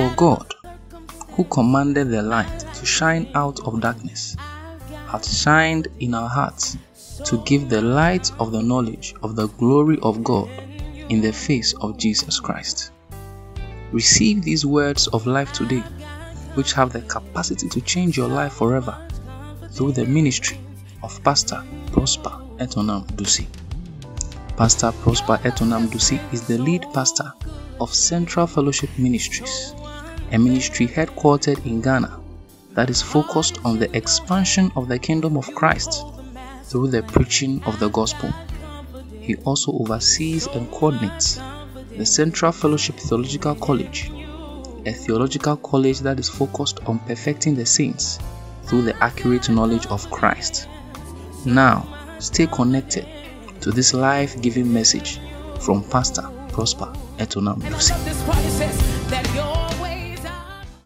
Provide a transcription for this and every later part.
For God, who commanded the light to shine out of darkness, hath shined in our hearts to give the light of the knowledge of the glory of God in the face of Jesus Christ. Receive these words of life today, which have the capacity to change your life forever through the ministry of Pastor Prosper Etonam Dusi. Pastor Prosper Etonam Dusi is the lead pastor of Central Fellowship Ministries a ministry headquartered in Ghana that is focused on the expansion of the kingdom of Christ through the preaching of the gospel. He also oversees and coordinates the Central Fellowship Theological College, a theological college that is focused on perfecting the saints through the accurate knowledge of Christ. Now, stay connected to this life giving message from Pastor Prosper Etonam Lucy.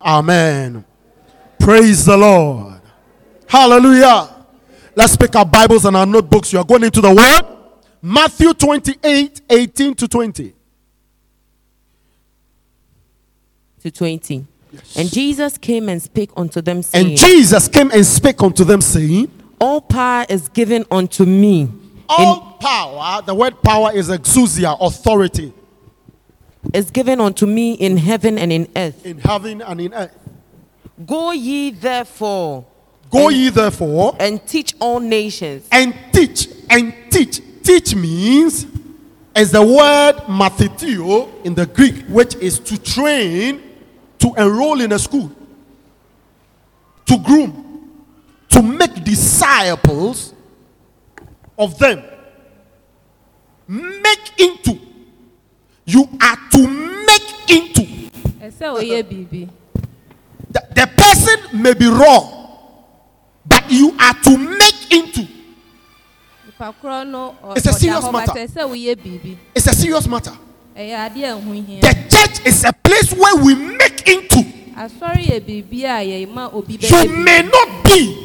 Amen. Praise the Lord. Hallelujah. Let's pick our Bibles and our notebooks. You are going into the Word. Matthew 28 18 to 20. To 20. Yes. And Jesus came and spake unto them, saying, And Jesus came and spake unto them, saying, All power is given unto me. All power, the word power is exousia, authority is given unto me in heaven and in earth. in heaven and in earth. Go ye therefore Go ye therefore and teach all nations. and teach, and teach. Teach means is the word mathitio in the Greek, which is to train, to enroll in a school, to groom, to make disciples of them, make into you are to make into. ẹsẹ oyè bìbí. the the person may be raw but you are to make into. ìpàkùrọ̀ nù ọ̀dà ọ̀bàtà ẹsẹ oyè bìbí. it's a serious matter. ẹ̀yà adé ẹ̀hún yẹn. the church is a place where we make into. asọ́rí yẹ bìbí à yẹ ma òbí bẹ́ẹ̀ bí. you may not be.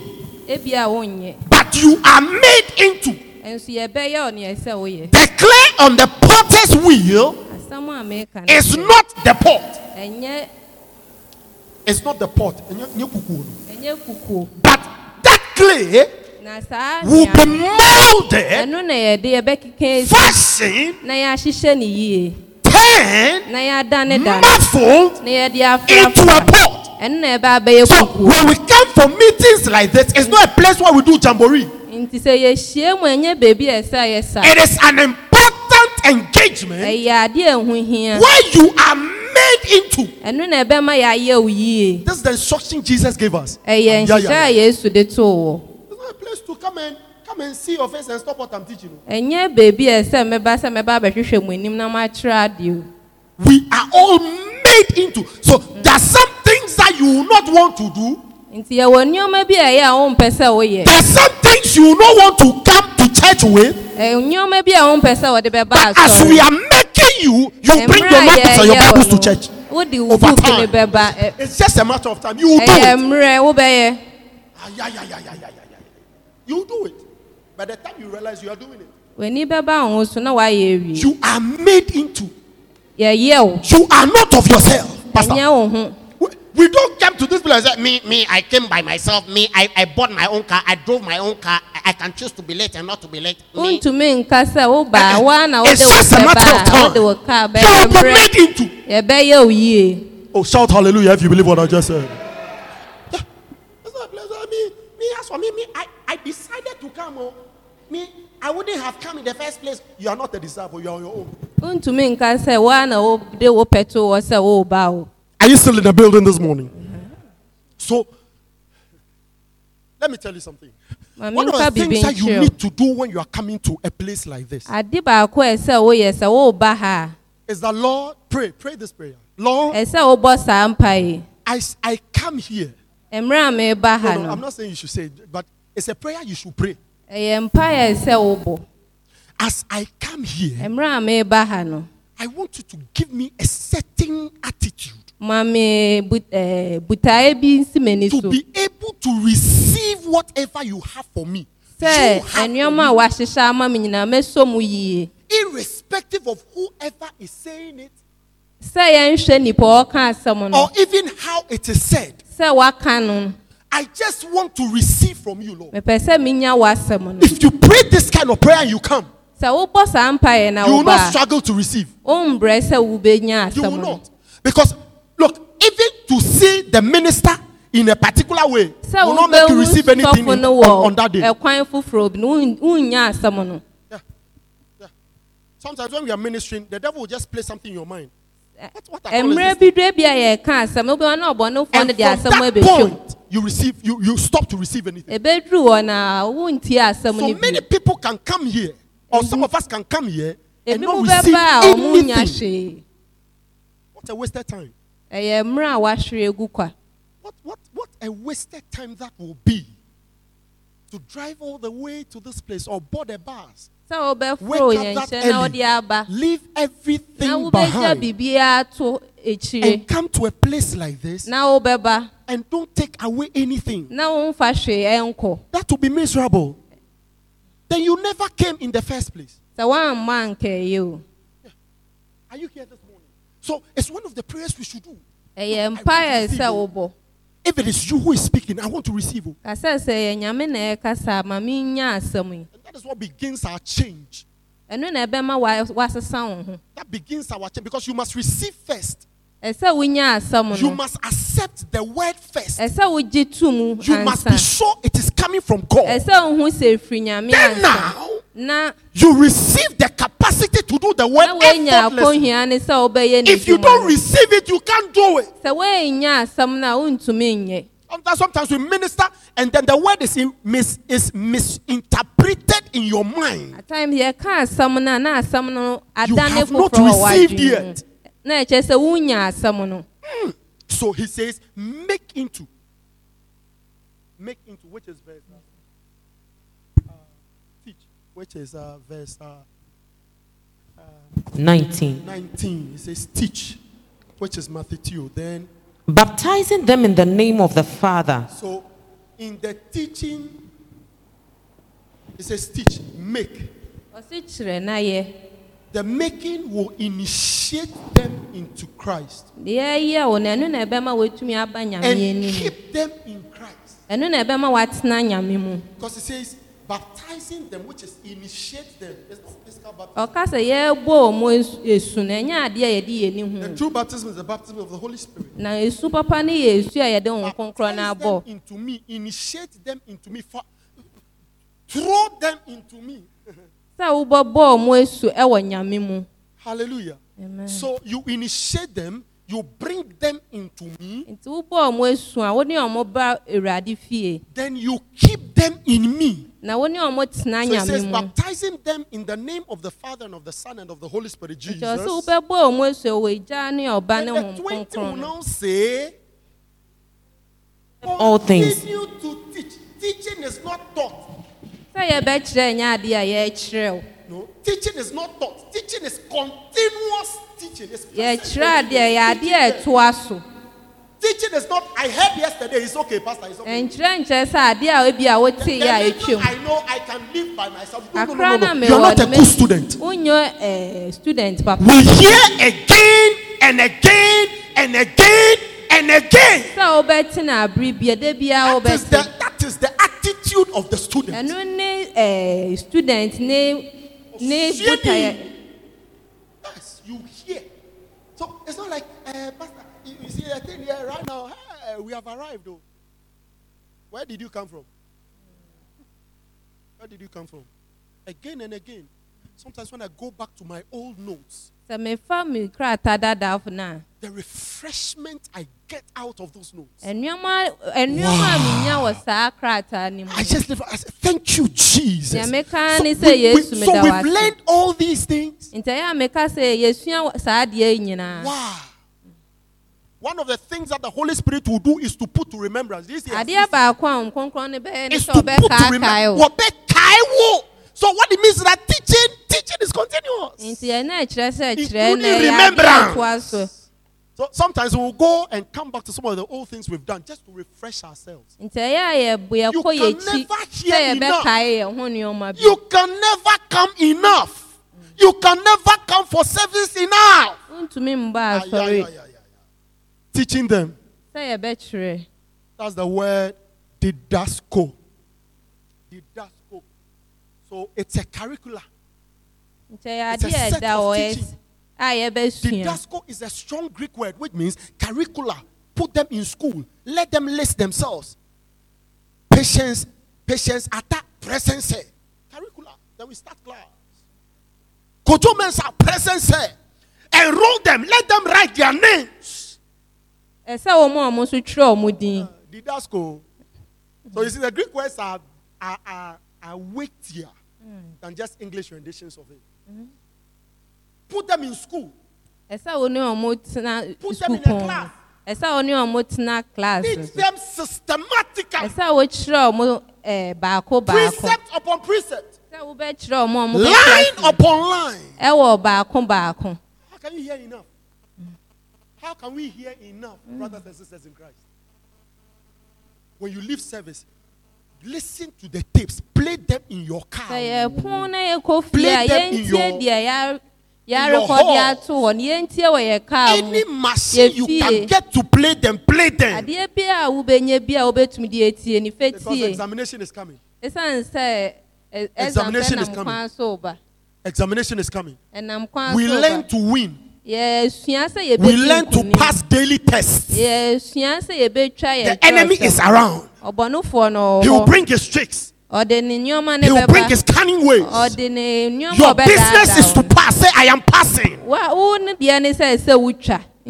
ebi a ò but you are made into. ẹ̀sùn yẹ bẹ́ẹ̀ yẹ ọ̀ ni ẹ̀sẹ̀ oyè. declare on the potter's wheel. It's not the pot. It's not the pot. But that clay will be molded, fashioned, turned, muffled into a pot. So when we come for meetings like this, it's not a place where we do jamboree. It is an engagement. ẹ̀yà adé ẹ̀hún hìá. where you are made into. ẹnu na ẹbẹ ma yà ayé o this is the instruction Jesus gave us. ẹ̀yẹ nṣiṣẹ́ Yesu de tó wọ. it's not no place to come and come and see your face and stop what I'm teaching you. ẹ̀yẹ bèbí ẹ̀ sẹ́ mẹ́bà sẹ́ mẹ́bà mu ẹ̀ním náà máa kyerẹ́ adé o. we are all made into so there are some things that you will not want to do. nti yẹ wọ nneọma bi a yẹ a wọn pẹ yẹ. there are some things you no want to come church with. Eh, Nneɛma bi a wɔn pɛ sɛ wɔde bɛ ba asɔre. But as we are making you, you eh, bring your Bibles and your Bibles to church. Wodi wo book ni bɛ ba. It's just a matter of time. You eh, do it. Ɛyɛ mmerɛ wo bɛ You do it. By the time you realize you are doing it. W'ani bɛ ba wɔn so na w'ayɛ ewi. You are made into. Yɛ o. You are not of yourself. Pastor. Ɛnyɛ wo We, don't come to this place and say, me, me, I came by myself. Me, I, I bought my own car. I drove my own car. I, I can choose to be late and not to be late. Untumi nkasa oba oh, eh, wa na ode wokaba ode wokaba. You will be made into. Ebe eh, ye oye. Oh, oh, shout hallelujah if you believe what I just said. Yeah. Me, me, as for me, me, I, I decided to come. Oh. Me, I wouldn't have come in the first place. You are not a disciple. You are on your own. Untumi nkasa wa na ode oh, wopeto wose oba o. Are you still in the building this morning? So, let me tell you something. One of the things that you need to do when you are coming to a place like this is that Lord, pray, pray this prayer. Lord, I, I come here. No, no, I'm not saying you should say it, but it's a prayer you should pray. As I come here, I want you to give me a certain attitude. Mami eh, butaye bi nsi m'ani so. To be able to receive whatever you have for me. Sẹ́ ẹ̀nìọ́mọ̀ eh, wa àṣìṣe àmọ́ mi nyina mẹ́sọ̀ mu yìí. Irrespective of whoever is saying it. Sẹ́ yẹn ń ṣe nípa ọ̀kan àṣẹmu náà. Or even how it is said. Sẹ́ wàá kan nù. I just want to receive from you, Lord. wa If you pray this kind of prayer and you come, na you will not struggle to receive. You will not. Because even to see the minister in a particular way so will not make you receive anything in, on, on that day. Yeah. Yeah. Sometimes when we are ministering, the devil will just play something in your mind. What, what mmerɛ bi dua bi a yɛ ka asɛm obi wɔn ɔbɔ no fɔ no de you receive you you stop to receive anything. so many people can come here or some mhm. of us can come here and not receive anything. what a wasted time ɛyɛ mmerɛ a wɔahwere egu kwa. What, what, what a wasted time that will be to drive all the way to this place or board a bus. sɛ wɔbɛforo yɛn nkyɛn na wɔde aba. leave everything na behind. na wobɛgya biribiara to akyire. and come to a place like this. na wobɛba. and don't take away anything. na womfa hwee ɛnkɔ. that will be miserable. then you never came in the first place. sɛ wɔamma nkɛyɛ o. are you here this morning? So it's one of the prayers we should do. Ẹyẹ mpaeɛ sɛ wobɔ. If it is you who is speaking, I want to receive you. Kasa sɛ nyame na ɛkasa ma mi And that is what begins our change. Ɛno na ɛbɛma wa wasesa wo ho. That begins our change because you must receive first ɛsɛ wonya asɛm no you must accept the word first ɛsɛ wogye to mu ansa you must be sure it is coming from God ɛsɛ ohun sɛ efiri nyame ansa then now na you receive the capacity to do the word na wonya akohia ne sɛ wobɛyɛ ne if you don't receive it you can't do it sɛ wonya asɛm no a wontumi nyɛ sometimes we minister and then the word is, mis, is misinterpreted in your mind at times yɛka asɛm no a na asɛm no adane foforɔ wɔ wadwene mu na ɛkyɛ sɛ wonya asɛm no so he says make into make into which is verse uh, uh teach which is uh, verse uh, uh, 19 he says teach which is Matthew then baptizing them in the name of the father so in the teaching it says teach make the making will initiate them into Christ. Yẹ́yẹ́ o, na ẹnu na ẹbẹ ma wetumi aba nyàmé ni. And keep them in Christ. Ẹnu na ẹbẹ ma wa tena mu. Because it says baptizing them which is initiate them. It's not physical baptism. Ọ̀ka sẹ̀ yẹ́ bó ọmọ èsù náà ẹ̀yẹ́ adìẹ yẹ di yẹ ni hu. The true baptism is the baptism of the Holy Spirit. Na èsù papa ni yẹ èsù yẹ de òun kúnkúrọ̀ náà bọ̀. Baptize them into me, initiate them into me, throw them into me sɛ wobɛbɔ ɔmo esu ɛwɔ nyame mu. hallelujah. Amen. so you initiate them you bring them into me. nti wobɔ ɔmo esu a wɔne ɔmo ba awurade fie. then you keep them in me. na wɔne ɔmo tena nyame mu. so it says baptizing them in the name of the father and of the son and of the holy spirit jesus. ǹjọ́ sọ wobɛbɔ ɔmo esu ɛwɔ ìjà ne ọba ne wọn kọ̀ọ̀kan. and the twenty will now say. all things. continue to teach teaching is not taught. No, teaching is not taught. Teaching is continuous teaching. It's teaching is not I heard yesterday, it's okay, Pastor, it's okay. The, the I know I can live by myself. No, no, no, no, no. You're not a good student. Eh, student Papa. We hear again and again and again and again. That is the attitude of the student. ẹnu ni ẹ student ni ni bota yẹ. yes you hear so it's not like uh, pastor you, you see the eh, thing here right now hey, we have arrived o where did you come from where did you come from again and again sometimes when i go back to my old notes the refreshment I get out of those notes. Wow. I just live, I said, thank you, Jesus. So, we, we, so we've learned all these things. Wow. One of the things that the Holy Spirit will do is to put to remembrance. This is to put to remembrance so what it means is that teaching teaching is continuous. It's only remembrance. So sometimes we will go and come back to some of the old things we've done just to refresh ourselves. You can never hear enough. You can never come enough. You can never come for service enough. Teaching them. That's the word didasco. Didasco. So it's a curricula. It's a set of teaching. Didasco is a strong Greek word which means curricula. Put them in school. Let them list themselves. Patience, patience, attack, presence. Curricula. Then we start class. Koto Mensa, presence. Enroll them. Let them write their names. Eh, uh, Didasco. So you see, the Greek words are, are, are, are weightier. Hmm. than just English renditions of it. Hmm. Put them in school. Put them in ọmọ tena school pọ̀n? ni ọmọ tena class? Teach them systematically. Ẹ̀sà wo baako baako? Precept upon precept. Ẹ̀sà wo bẹ́ẹ̀ kyerẹ́ class? Line upon line. baako baako. How can you hear enough? How can we hear enough, hmm. brothers and sisters in Christ? When you leave service, listen to the tapes play them in your car. sɛ yɛ pon na yɛ kɔ fie a yɛn tie deɛ yɛrekɔ de ato hɔ no yɛn tie wɔ yɛ car mu any oh, machine you can eh. get to play them play them. adeɛ bi eh, a wobɛnya bi a wobɛtumi de etie eh, ni fɛ tie. because examination is coming. esan sɛ examination is coming. ɛnam kwan so ba. examination is coming. ɛnam kwan so ba. we learn to win. We learn to pass daily tests. The enemy is around. He will bring his tricks. He will bring his cunning ways. Your business is to pass. Say, I am passing.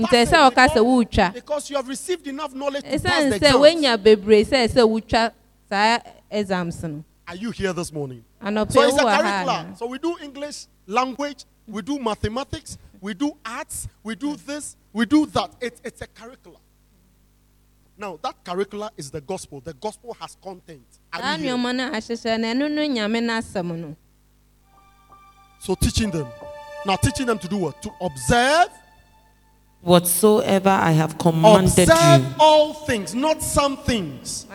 nti sɛ ɔka sɛ wotwa ɛsiane sɛ woanya bebree sɛ sɛ wotwa saa exams no Are you here this morning? So it's a curriculum. So we do English, language, we do mathematics, we do arts, we do hmm. this, we do that. It, it's a curricula. Now, that curricula is the gospel. The gospel has content. So, teaching them. Now, teaching them to do what? To observe. Whatsoever I have commanded observe you. Observe all things, not some things.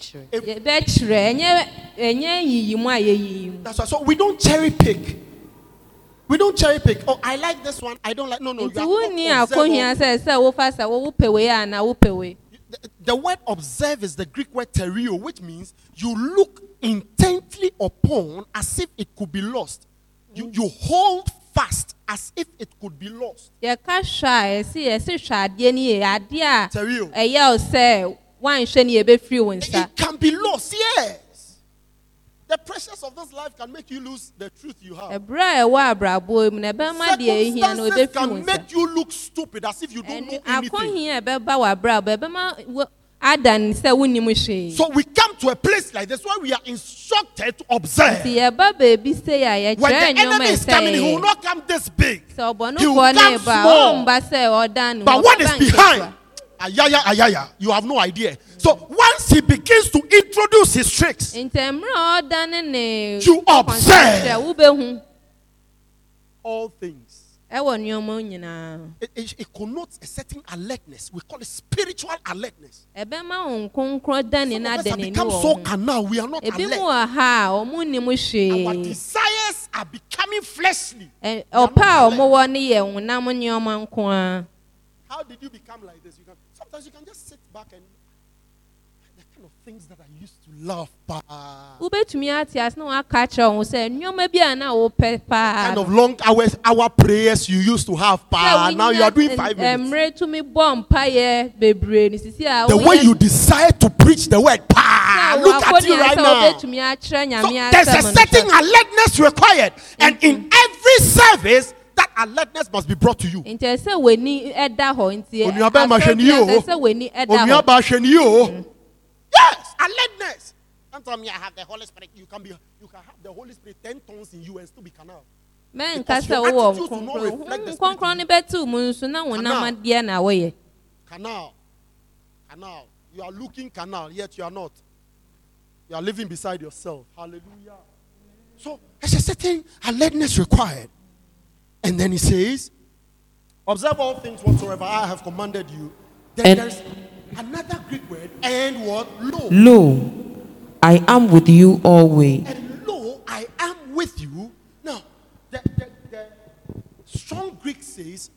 That's why. So we don't cherry pick. We don't cherry pick. Oh, I like this one. I don't like. No, no. You have the, the word observe is the Greek word terio, which means you look intently upon as if it could be lost. You, you hold fast as if it could be lost. Terio wanhwɛ ne yɛbɛfiri wo nsa. It can be lost, yes. The pressures of this life can make you lose the truth you have. Ẹ̀bùrẹ̀ ẹ̀wọ̀ àbràbọ̀ mu na ẹ̀bẹ̀ má deɛ ehia na ọbẹ̀ firi wọn nsa. Circumstances can make you look stupid as if you don't know anything. Akọ̀hìn ẹ̀bẹ̀ba wà àbràbọ̀ ẹ̀bẹ̀ má adan sɛ wonim hwee. So we come to a place like this where we are instructed to observe. Nti yɛba e beebi se yà yɛ kyerɛ ɛnyɔma ɛsɛ e yɛ. When the enemy is coming he will not come this big. Sɛ ɔbɔnufɔ ne ba ɔmba sɛ ɔdan ne ho ɔba nkɛtɔ. But what is behind? ayaya ayaya you have no idea so once he begins to introduce his tricks. you observe all things. ẹwọ ní it connotes a certain alertness we call it spiritual alertness. ẹbẹ máa some of us have become so carnal we are not alert. ebi our desires are becoming fleshly. ọ̀pá ọ̀mú wọ ni how did you become like this? You Sometimes you can just sit back and the kind of things that I used to love paa. Wobɛtumi ate ase na waka kyerɛ bi a na wopɛ Kind of long hours our prayers you used to have pa. now you are doing five minutes. Mmerɛ tumi bɔ mpaeɛ bebree ne sisi a. The way you decide to preach the word pa. look at you right now. So there's a certain alertness required and in every service alertness must be brought to you. ǹjẹ́ sẹ́ wo ni ẹ da họ ntí ẹ onuaba ma ṣe ni yìí o ǹjẹ́ sẹ́ wo ni ẹ da họ onuaba ṣe ni yìí mm. yes alertness don't tell me i have the holy spirit you can be you can have the holy spirit ten tons in you and still be canal. mẹ́rin kásá wo wọ nkónkron nkónkron ni bẹ́ẹ̀ tí o mu nsu náà wọn náà máa díẹ̀ náà wọ̀ yẹ. canal canal you are looking canal yet you are not you are living beside yourself hallelujah so there's a certain alertness required. And then he says, Observe all things whatsoever I have commanded you. Then there's another Greek word, and what? Lo. Lo, I am with you always. And lo, I am with you. Now, the, the, the strong Greek says,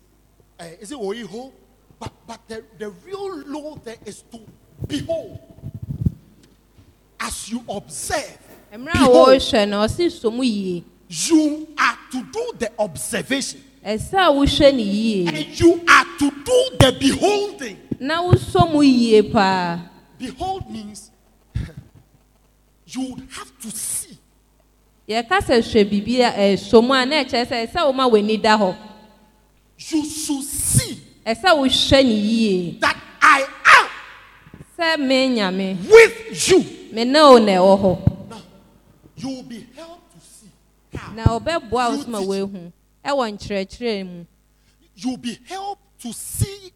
uh, is it oiho? But, but the, the real lo there is to behold. As you observe. Behold you are to do the observation. ẹsẹ a wohwẹ and you are to do the beholding. na wosọ mu yie paa. behold means you have to see. yẹ kasa hwẹ biribi ẹ sọmu a na ẹkyẹ sẹ ẹsẹ wo ma w'ani da hɔ. you should see. ẹsẹ a wohwẹ that I am. sẹ mi nyame. with you. mi náà ò na ẹwọ hɔ. now you will be helped na ɔbɛboa wo soma woehu ɛwɔ mu you be help to see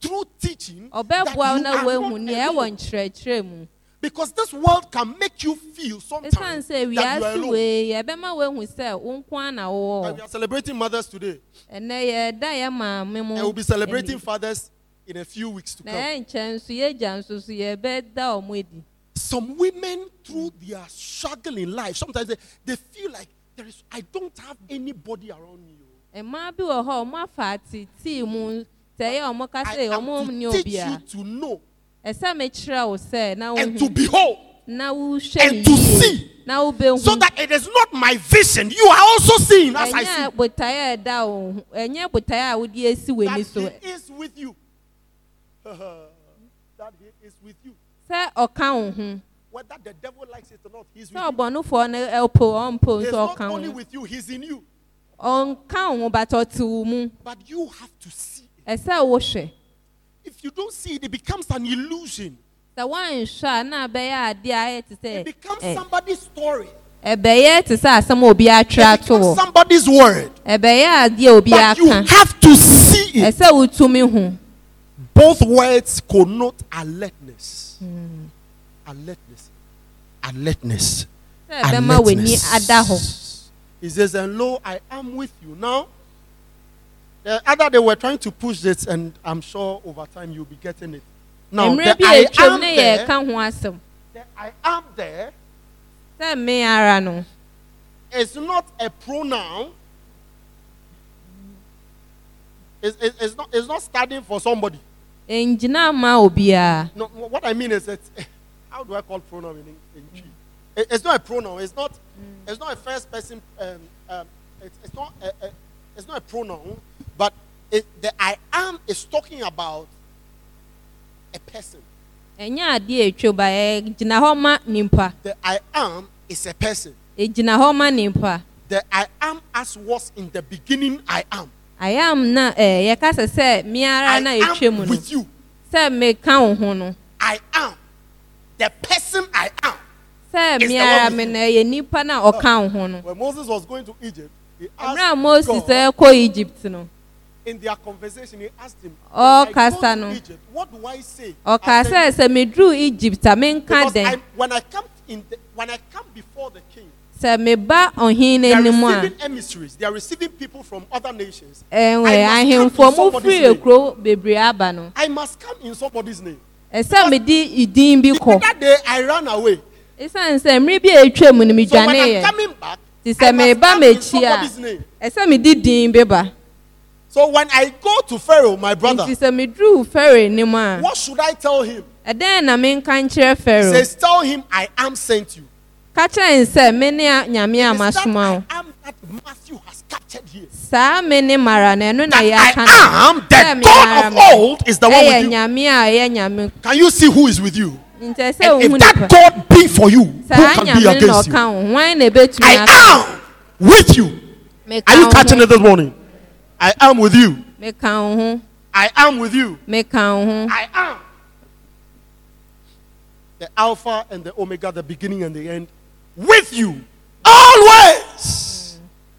through teaching ɔbɛboa wo na woehu nea ɛwɔ nkyerɛkyerɛ mu because this world can make you feel sometimes that you are alone. yɛbɛma woehu sɛ wo nko a na wowɔ we are celebrating mothers today ɛnɛ yɛda yɛ maame mu and we'll be celebrating fathers in a few weeks to come. na yɛn nkyɛn nso yɛgya nso so yɛbɛda wɔn adi. some women through their struggle in life sometimes they, they feel like there is I don't have anybody around me. Mmaa bi wɔ hɔ, ɔmo afa ati tii mu sɛ ɛyɛ ɔmo kasa yɛ ɔmo ni obia. I am to teach you to know. Ɛsɛ And to behold. Na wohwɛ yie. And to see. Na wobehu. So that it is not my vision, you are also seeing as I see. Ɛnyɛ botaeɛ ɛda o, ɛnyɛ botaeɛ a wodi esi wɔ ni so. That he is with you. that he is with you. Sɛ ɔka wo whether the devil likes it or not, he's with you. He's not only with you, he's in you. But you have to see. It. If you don't see it, it becomes an illusion. It becomes somebody's story. obi It becomes somebody's word. But you have to see it. Both words connote alertness. Mm alertness. Alertness. alertness. He says, And lo, I am with you. Now, the other they were trying to push this, and I'm sure over time you'll be getting it. Now, the I am there. The I am there. no. It's not a pronoun. It's, it's, it's, not, it's not standing for somebody. No, what I mean is that how do I call pronoun in, in G? Mm. It's not a pronoun. It's not. Mm. It's not a first person. Um, um, it's, it's, not. A, a, it's not a pronoun, but it, the I am is talking about a person. The I am is a person. The I am as was in the beginning. I am. I am na eh yɛka se sɛ miara na etwa mu no Se me kan ho no. I am. the person I am. Sẹ́ mi ara mi na ẹ̀yẹ nípa náà ọ̀ka ọ̀hún no. When Moses was going to Egypt, he asked God. Ẹ̀mìíràn Moses ẹ̀ kó Egypt nù. In their conversation, he asked him. Ọ̀kasa nù. What do I say? Ọ̀kasa ẹ̀ sẹ́ mi drew Egypt àmì nká dẹ̀. Because I, when, I come in the, when I come before the king sɛ meba ɔhen n'anim a ɛnwɛ ahemfo mu firi ekuro bebree aba no. I must come in somebody's name ɛsɛ mi di idin bi kɔ. the other day i ran away. bi etwa mu ni mi dwane yɛ. so when i'm coming back. ti sɛ mi ba mi ekyi a ɛsɛ mi di din bi ba. so when i go to pharaoh my brother. nti sɛ mi duru pharaoh ni a. what should i tell him. ɛdɛn na mi nka nkyerɛ pharaoh. he says tell him i am sent you. kakyɛ nsɛ mi ni nyame a ma suma he said i am that matthew has saa me ne mara na ɛno na yɛ aka no sɛ meyara meɛyɛ nyame a ɛyɛ nyame can you see who is with you ntɛ sɛ wohu nipa saa nyame na ɔka wo hwan na ɛbɛtumi aka with you are you catching it this morning i am with you meka wo ho i am with you meka wo ho i am the alpha and the omega the beginning and the end with you always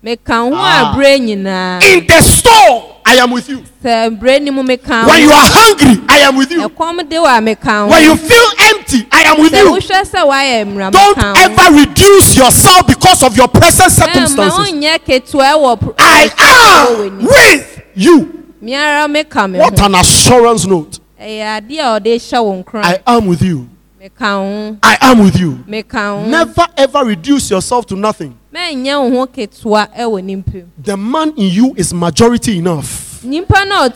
meka ho abere ah. nyinaa. in the store i am with you. sɛ abere ni mu meka ho. when you are hungry i am with you. ɛkɔm de wa meka ho. when you feel empty i am with you. sɛ wohwɛ sɛ wayɛ mmerɛ meka ho. don't ever reduce yourself because of your present circumstances. ɛ ma n yɛ ketewa wɔ. i am with you. miara meka mi what an assurance note. ɛyɛ adeɛ a ɔde hyɛ wɔn i am with you. I am with you. Never ever reduce yourself to nothing. The man in you is majority enough. Hallelujah.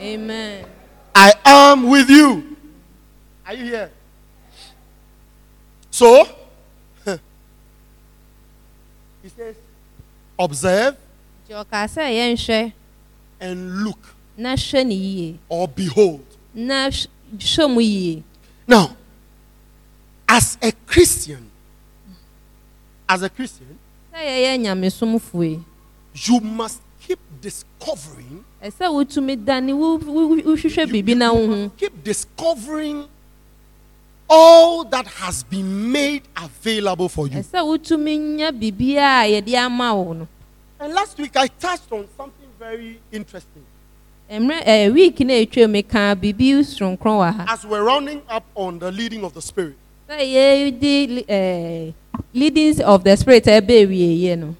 Amen. I am with you. Are you here? So, he says, observe and look or behold. na hwɛ mu yie. now as a christian as a christian. sɛ yɛyɛ nyamesomfoɔ yi. you must keep discovering. ɛsɛ e wotumi dani wohwehwɛ biribi na wo ho. keep discovering all that has been made available for you. ɛsɛ e wotumi nya biribi a yɛde and last week i touched on something very interesting mmerɛ ɛɛ eh, week na etwa mu ka biribi soronko wɔ ha. as we are rounding up on the leading of the spirit. sɛ yɛ di ɛɛ eh, leadings of the spirit ɛbɛ eh, ewie yɛ no.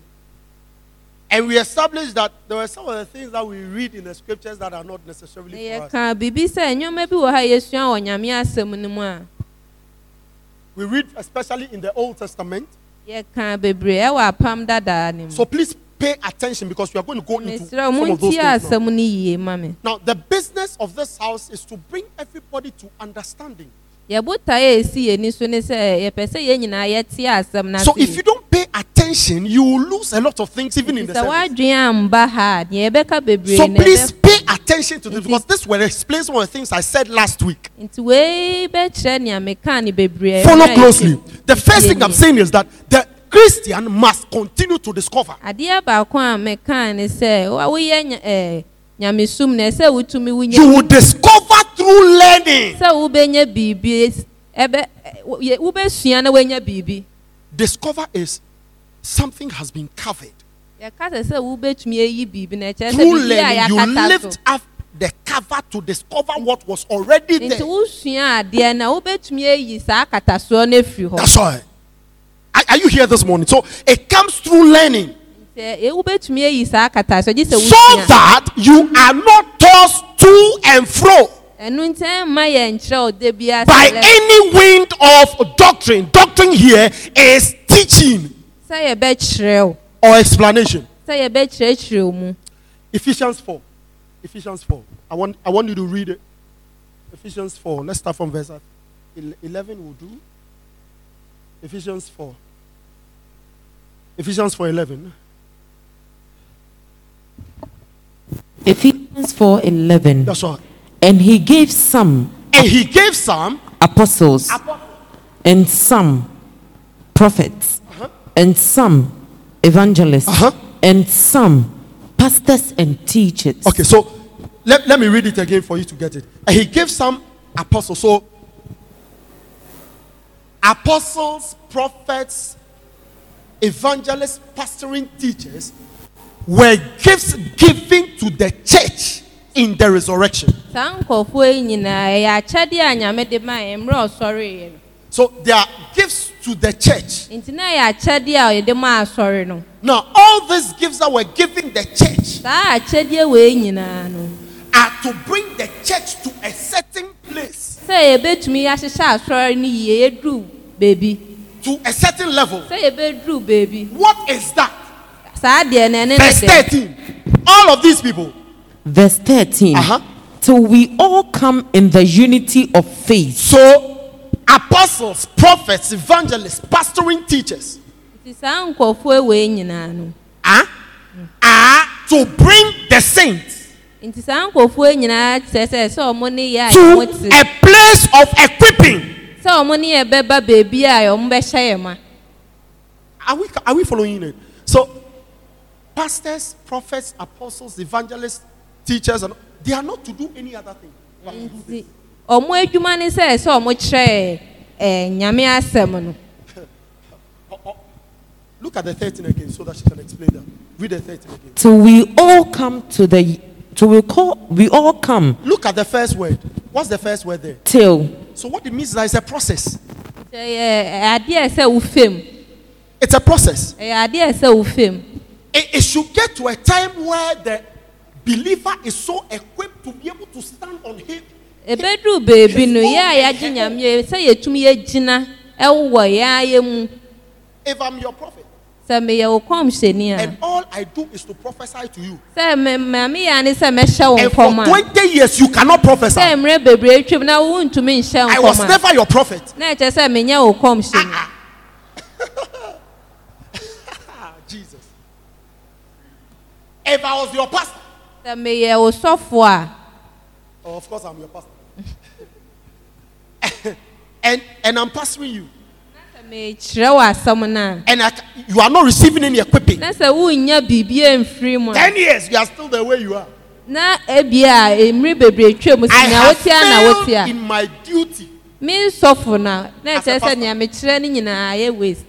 And we established that there were some of the things that we read in the scriptures that are not necessarily for us. We read especially in the Old Testament. So please pay attention because we are going to go into some of those things now. now. the business of this house is to bring everybody to understanding. So eh, if you don't pay attention, you will lose a lot of things even in the service. So please pay attention to this because this will explain some of the things I said last week. Follow closely. The first thing I'm saying is that the Christian must continue to discover. Adeɛ baako a mɛkan ne sɛ woyɛ ɛɛ na ɛsɛ wotumi wunyɛ. You will discover through learning. Sɛ wobɛnyɛ biribi ɛbɛ wobɛsua na woanya biribi. Discover is something has been covered. Yɛkasa sɛ wobɛtumi eyi biribi na ɛkyerɛ sɛ biribi a yɛakata so. Through learning you lift up the cover to discover what was already there. Nti wosua adeɛ na wobɛtumi eyi saa akatasoɔ no efiri hɔ. That's all. Are you here this morning? So it comes through learning. Eh, so that you are not tossed to and fro by any wind of doctrine. Doctrine here is teaching or explanation. Ephesians 4. Ephesians 4. I want, I want you to read it. Ephesians 4. Let's start from verse 11 will do. Ephesians 4. Ephesians 4:11. Ephesians 4:11. That's what. And he gave some. And he gave some apostles. apostles. And some prophets. Uh-huh. And some evangelists. Uh-huh. And some pastors and teachers. Okay, so let, let me read it again for you to get it. And he gave some apostles. So apostles, prophets, evangelists, pastoring teachers were gifts given to the church in the resurrection. So they are gifts to the church. Now, all these gifts that were given the church are to bring the church to a certain place to a certain level. sẹ́yẹ̀ bẹ́ẹ̀ dùn bèbí. what is that. sáà diẹ nẹ́ẹ̀ni. verse thirteen all of these people. verse thirteen. Uh-huh. till we all come in the unity of faith. so apostles prophets evangelists pastoring teachers. ti saa nkɔfo ewee nyinaa no. ah ah to bring the saints nti saa nkɔfoɔ nyinaa kyerɛ sɛ sɛ ɔmo ne yɛ ti. to a place of equipping sɛ ɔmo ne yɛ bɛba beebi a ɔmo bɛhyɛ yɛ ma. are we are we following it so pastors prophets apostles evangelists teachers and they are not to do any other thing. nti ɔmo adwuma ne sɛ sɛ ɔmo kyerɛ ɛɛ nyame asɛm no. Oh, oh, look at the thirteen again so that she can explain them. Read the thirteen again. Till so we all come to the So we call we all come. Look at the first word. What's the first word there? Till. So what it means is that it's a process. It's a process. It, it should get to a time where the believer is so equipped to be able to stand on him. ebedu eh, beebi no yẹ a yagye nyame sẹ yẹtum yẹ gyina ẹwọ yẹ ayẹ mu. if i'm your prophet sɛ meyɛ wo kɔmhyɛni a. and all I do is to prophesy to you. sɛ mɛ maame yɛ ani sɛ mɛhyɛ wo nkɔm a. and for twenty years you cannot prophesy. sɛ mmerɛ bebree twam na wo ntumi nhyɛ nkɔm a. I was never your prophet. na ɛkyɛ sɛ menyɛ wo kɔmhyɛni. Jesus if I was your pastor. sɛ meyɛ wo sɔfo a. of course I'm your pastor. and and I'm pastoring you mekyerɛ wɔ asɛm no and I, you are not receiving any equipping na sɛ wonya biribia mfiri mu ten years you are still the way you are na ebia mmiri bebree twɛ mu si na wotia na wotia in my duty mi nsɔfo na na ɛkyerɛ sɛ nea mekyerɛ no nyinaa yɛ waste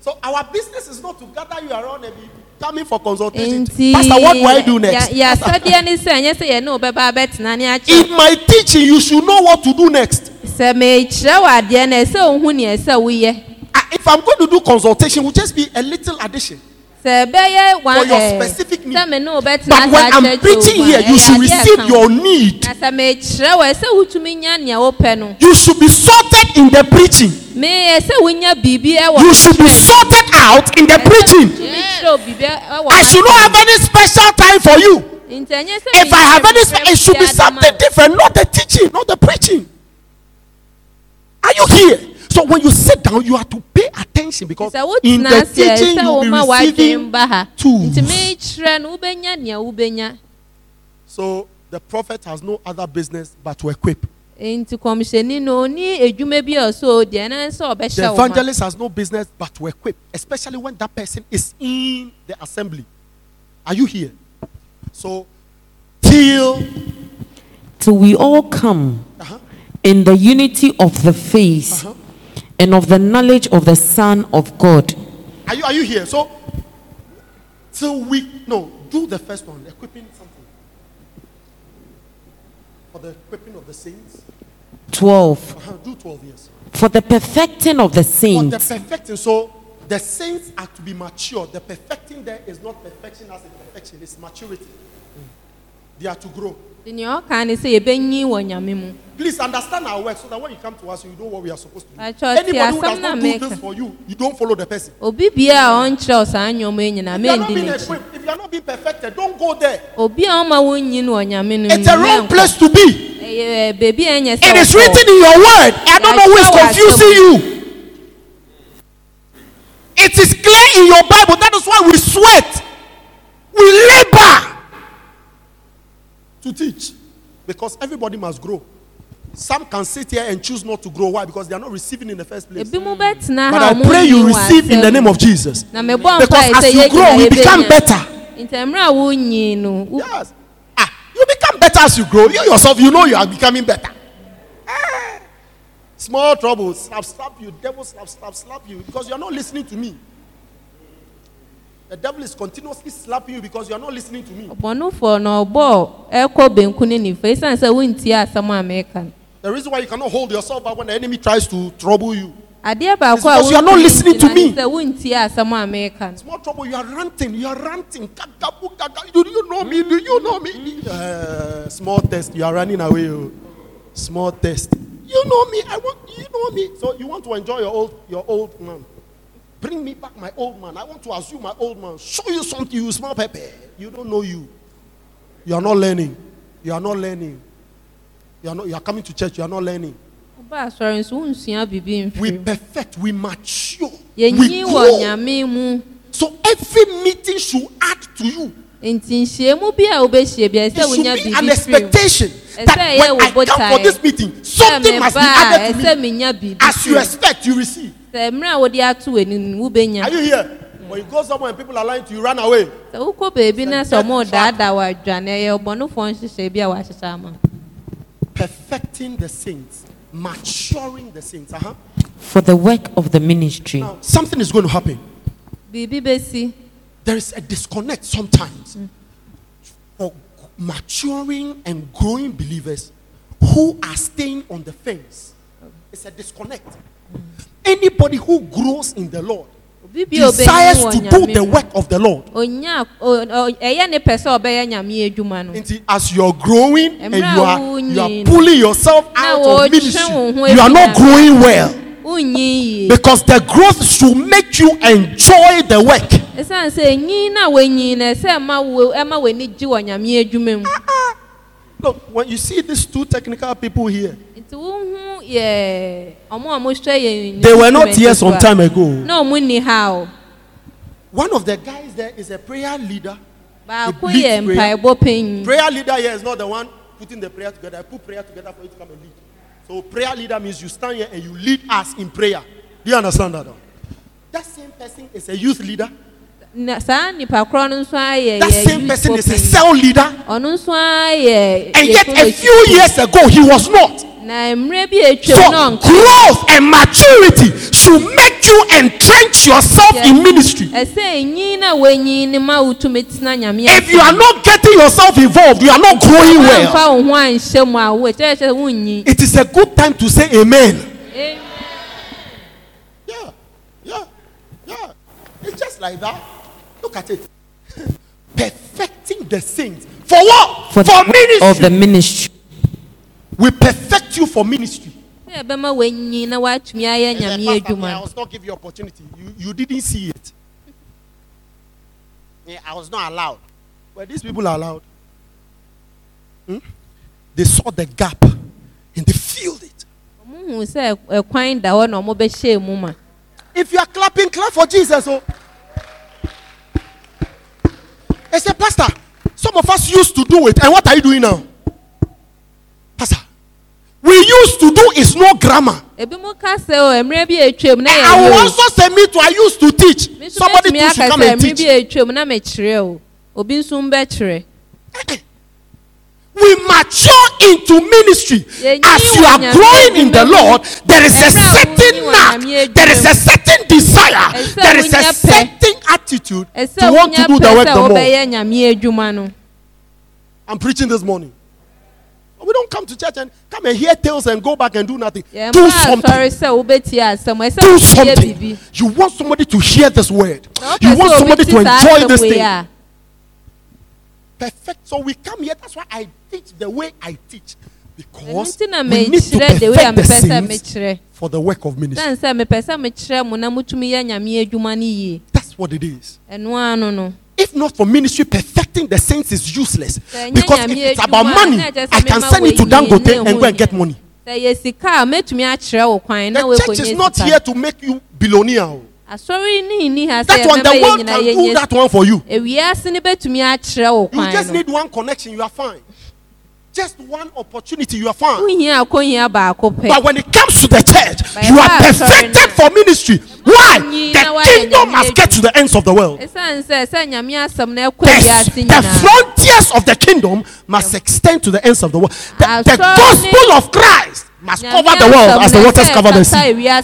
so our business is not to gather you around and coming for consultation. pastor what will I do next. Yasadeɛ ni sɛ ɛnyɛ sɛ yɛn n'o bɛ ba abɛtena ni akyɛ. In my teaching you should know what to do next. Sɛ mɛ kyerɛ wɔ adeɛ na ɛsɛ ohun ni ɛsɛ woyɛ if i'm going to do consultation it will just be a little addition. sẹ bẹyẹ wọn ẹ sẹmi ní o bẹ tẹ náà sá church o but when i'm preaching here you eh, should receive your need. na sẹ eh, mi kyerẹ wọ ẹsẹ wutumi nya ni ẹ o pẹ no. you should be sorted in the preaching. mi ẹsẹ wo nya bìbí ẹ wọ. you should be sorted out in the preaching. i should not have any special time for you. if i have any special it should be something different not the teaching not the preaching. are you here. So when you sit down, you have to pay attention because in the teaching you will be receiving tools. So the prophet has no other business but to equip. nti kɔmhyɛni no ni edwuma bi ɔso deɛ nan sɛ ɔbɛhyɛ wɔn. the evangelist has no business but to equip especially when that person is in the assembly are you here so till. till we all come uh -huh. in the unity of the faith. Uh -huh and of the knowledge of the Son of God. Are you, are you here? So, so we, no, do the first one, equipping something. For the equipping of the saints. 12. Uh-huh, do 12 years. For the perfecting of the saints. For the perfecting. So, the saints are to be mature. The perfecting there is not perfection as a perfection, it's maturity. they are to grow. Nea ɔka ne sɛ yɛbɛnyi wɔ nyame mu. Please understand our work so that when you come to us, you know what we are supposed to do. Anybody who does not do this for you, you don't follow the person. Obi bia a ɔnkyerɛ ɔsaa nneɛma yi nyinaa, mɛ ndi n'akyi. If you are not being perfected, don't go there. Obi a ɔma wo nyi no wɔ nyame no It's a wrong place to be. Ɛyɛ beebi a ɛnyɛ sɛ. It is written in your word. I don't know who is confusing you. It is clear in your Bible. That is why we sweat. We labor to teach because everybody must grow. Some can sit here and choose not to grow. Why? Because they are not receiving in the first place. Mm. But I pray you receive in the name of Jesus. Because as you grow, you become better. Yes. Ah, you become better as you grow. You yourself, you know you are becoming better. Ah. Small troubles, slap, slap you, devil slap, slap, slap you because you are not listening to me. The devil is continuously slapping you because you are not listening to me. Ọ̀pọ̀nufọ̀ na ọ̀bọ̀ ẹ̀kọ́ bẹ̀nkún ní nìfẹ́ ìsàn sẹ́ wọ́n ti àsámù àmẹ́ka. The reason why you cannot hold yourself back when the enemy tries to trouble you. Adeɛ baako a wọ́n ti ní sẹ́ wọ́n ti àsámù àmẹ́ka. Small trouble you are ranting you are ranting kakabu kaka you you know me you you know me. Uh, small test you are running away o oh. small test you know me I want you know me so you want to enjoy your old your old man. Bring me back my old man. I want to assume my old man. Show you something, you small pepper. You don't know you. You are not learning. You are not learning. You are, not, you are coming to church, you are not learning. We perfect, we mature. We grow. So every meeting should add to you. It should be an expectation that when I come for this meeting, something must be added to me. As you expect, you receive. Sɛ mmerɛ a wɔde ato w'anim wobɛnya. Are you here? Yeah. When you go somewhere and people are lying to you, run away. Sɛ wokɔ baabi na sɛ ɔmo daadaa wɔ adwane ɛyɛ ɔbɔnefoɔ nhyehyɛ bi a wɔahyehyɛ ama. Perfecting the saints, maturing the saints. Uh -huh. For the work of the ministry. Now, something is going to happen. Biribi bɛsi. There is a disconnect sometimes. Mm. For maturing and growing believers who are staying on the fence. It's a disconnect. Mm. Anybody who grows in the Lord desires to do the work of the Lord. Nti as you are growing and you are you are pulling yourself out of ministry, you are not growing well. Because the growth should make you enjoy the work. Ẹsan sẹ ẹyin náà wọ ẹyin náà ẹsẹ ẹ ma wo ẹ ma wo ẹni jí wọ nyàmí ẹdwuma mu. Ah, ah. Look when you see these two technical people here. Ètò wọn they were not here some time ago. na ɔmo ni ha one of the guys there is a prayer leader. baako yɛ mpaebɔ panyin. prayer leader here is not the one putting the prayer together i put prayer together for you to come and lead so prayer leader means you stand here and you lead us in prayer do you understand that one that same person is a youth leader. na saa nipa korɔ no nso ayɛ yɛ youth that same person is a cell leader. ɔno nso ayɛ. and yet a few years ago he was not na mmerɛ bi atwam na ɔnka. so growth and maturity should make you entrench yourself yes. in ministry. ɛsɛ enyin na wɔnyin ni ma wotumi tena nyame. if you are not getting yourself involved you are not growing well. nfa wo ho anhyɛ mu a wo kyerɛ kyerɛ nyin. it is a good time to say amen. amen. yeah yeah yeah it's just like that look at it perfecting the saints for what for, for ministry. of the ministry will perfect you for ministry. I was not given the opportunity. You, you didn't see it. Yeah, I was not allowed. Well, these people are allowed? Hmm? They saw the gap and they filled it. If you are clapping, clap for Jesus. Oh. I said, Pastor, some of us used to do it, and what are you doing now? used to do is no grammar. ebimu kasa o emire bi etwam na yɛ wo. I will also say me too I used to teach. somebody too should come and teach. misu bɛtumi akasa emire bi etwam na mɛ kyerɛ o obi nso bɛ kyerɛ. we mature into ministry as you are growing in the lord there is a certain knack there is a certain desire there is a certain attitude to want to do the work the more i'm preaching this morning We don't come to church and come and hear tales and go back and do nothing. Yeah, do something. Do something. You want somebody to hear this word. No, you want somebody to enjoy this thing. Perfect. So we come here. That's why I teach the way I teach. Because we need to perfect the saints for the work of ministry. That's what it is if not for ministry perfecting the saints is useless because if it's about money i can send it to dangote and go and get money. the church is not here to make you billionaire. asọri ni ni ha sẹ ẹ mẹmẹ yẹ nyina yẹ nyẹ that one the world can do that one for you. ewia sini akyerẹ o kwan no. you just need one connection you are fine just one opportunity you are found. But when it comes to the church, By you are perfected for ministry. Why? The kingdom must get to the ends of the world. The, the frontiers of the kingdom must extend to the ends of the world. The, the gospel of Christ must cover the world as the waters cover the sea.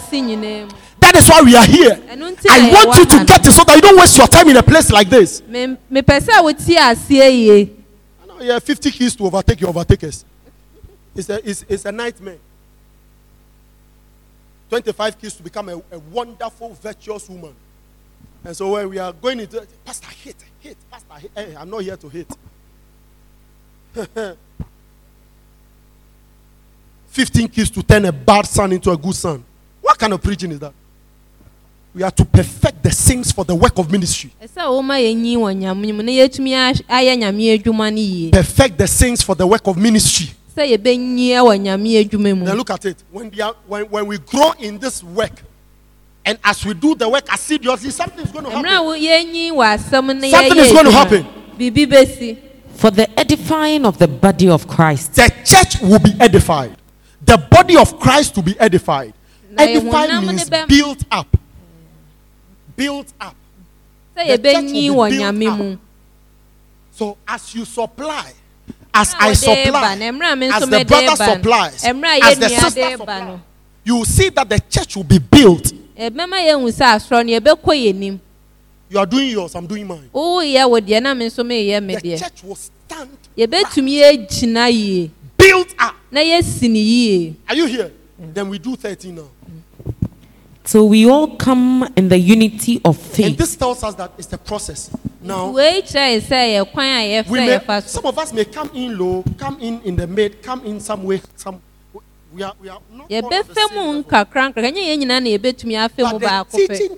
That is why we are here. I want you to get it so that you don't waste your time in a place like this. yeah, 50 keys to overtake your overtakers. It's a, it's, it's a nightmare. 25 keys to become a, a wonderful, virtuous woman. And so when we are going into Pastor, hit, hit, Pastor, hit. Hey, eh, I'm not here to hit. 15 keys to turn a bad son into a good son. What kind of preaching is that? we are to perfect the things for the work of ministry. Perfect the things for the work of ministry. Now look at it. When, are, when, when we grow in this work, and as we do the work assiduously, something is going to happen. Something is going to happen. For the edifying of the body of Christ. The church will be edified. The body of Christ will be edified. Edified means built up built up. The church will be built up. So as you supply, ah, as I supply, as the brother supplies, as the sister supplies, you see that the church will be built. You are doing yours, I'm doing mine. The church will stand. Back, built up. Are you here? Then we do 13 now. So we all come in the unity of faith. And this tells us that it's a process. Now, we may, some of us may come in low, come in in the mid, come in some way, some yɛbɛfɛ mu nkakra nkakra ɛnyɛ yɛn nyinaa na yɛbɛtumi afɛ mu baako pɛ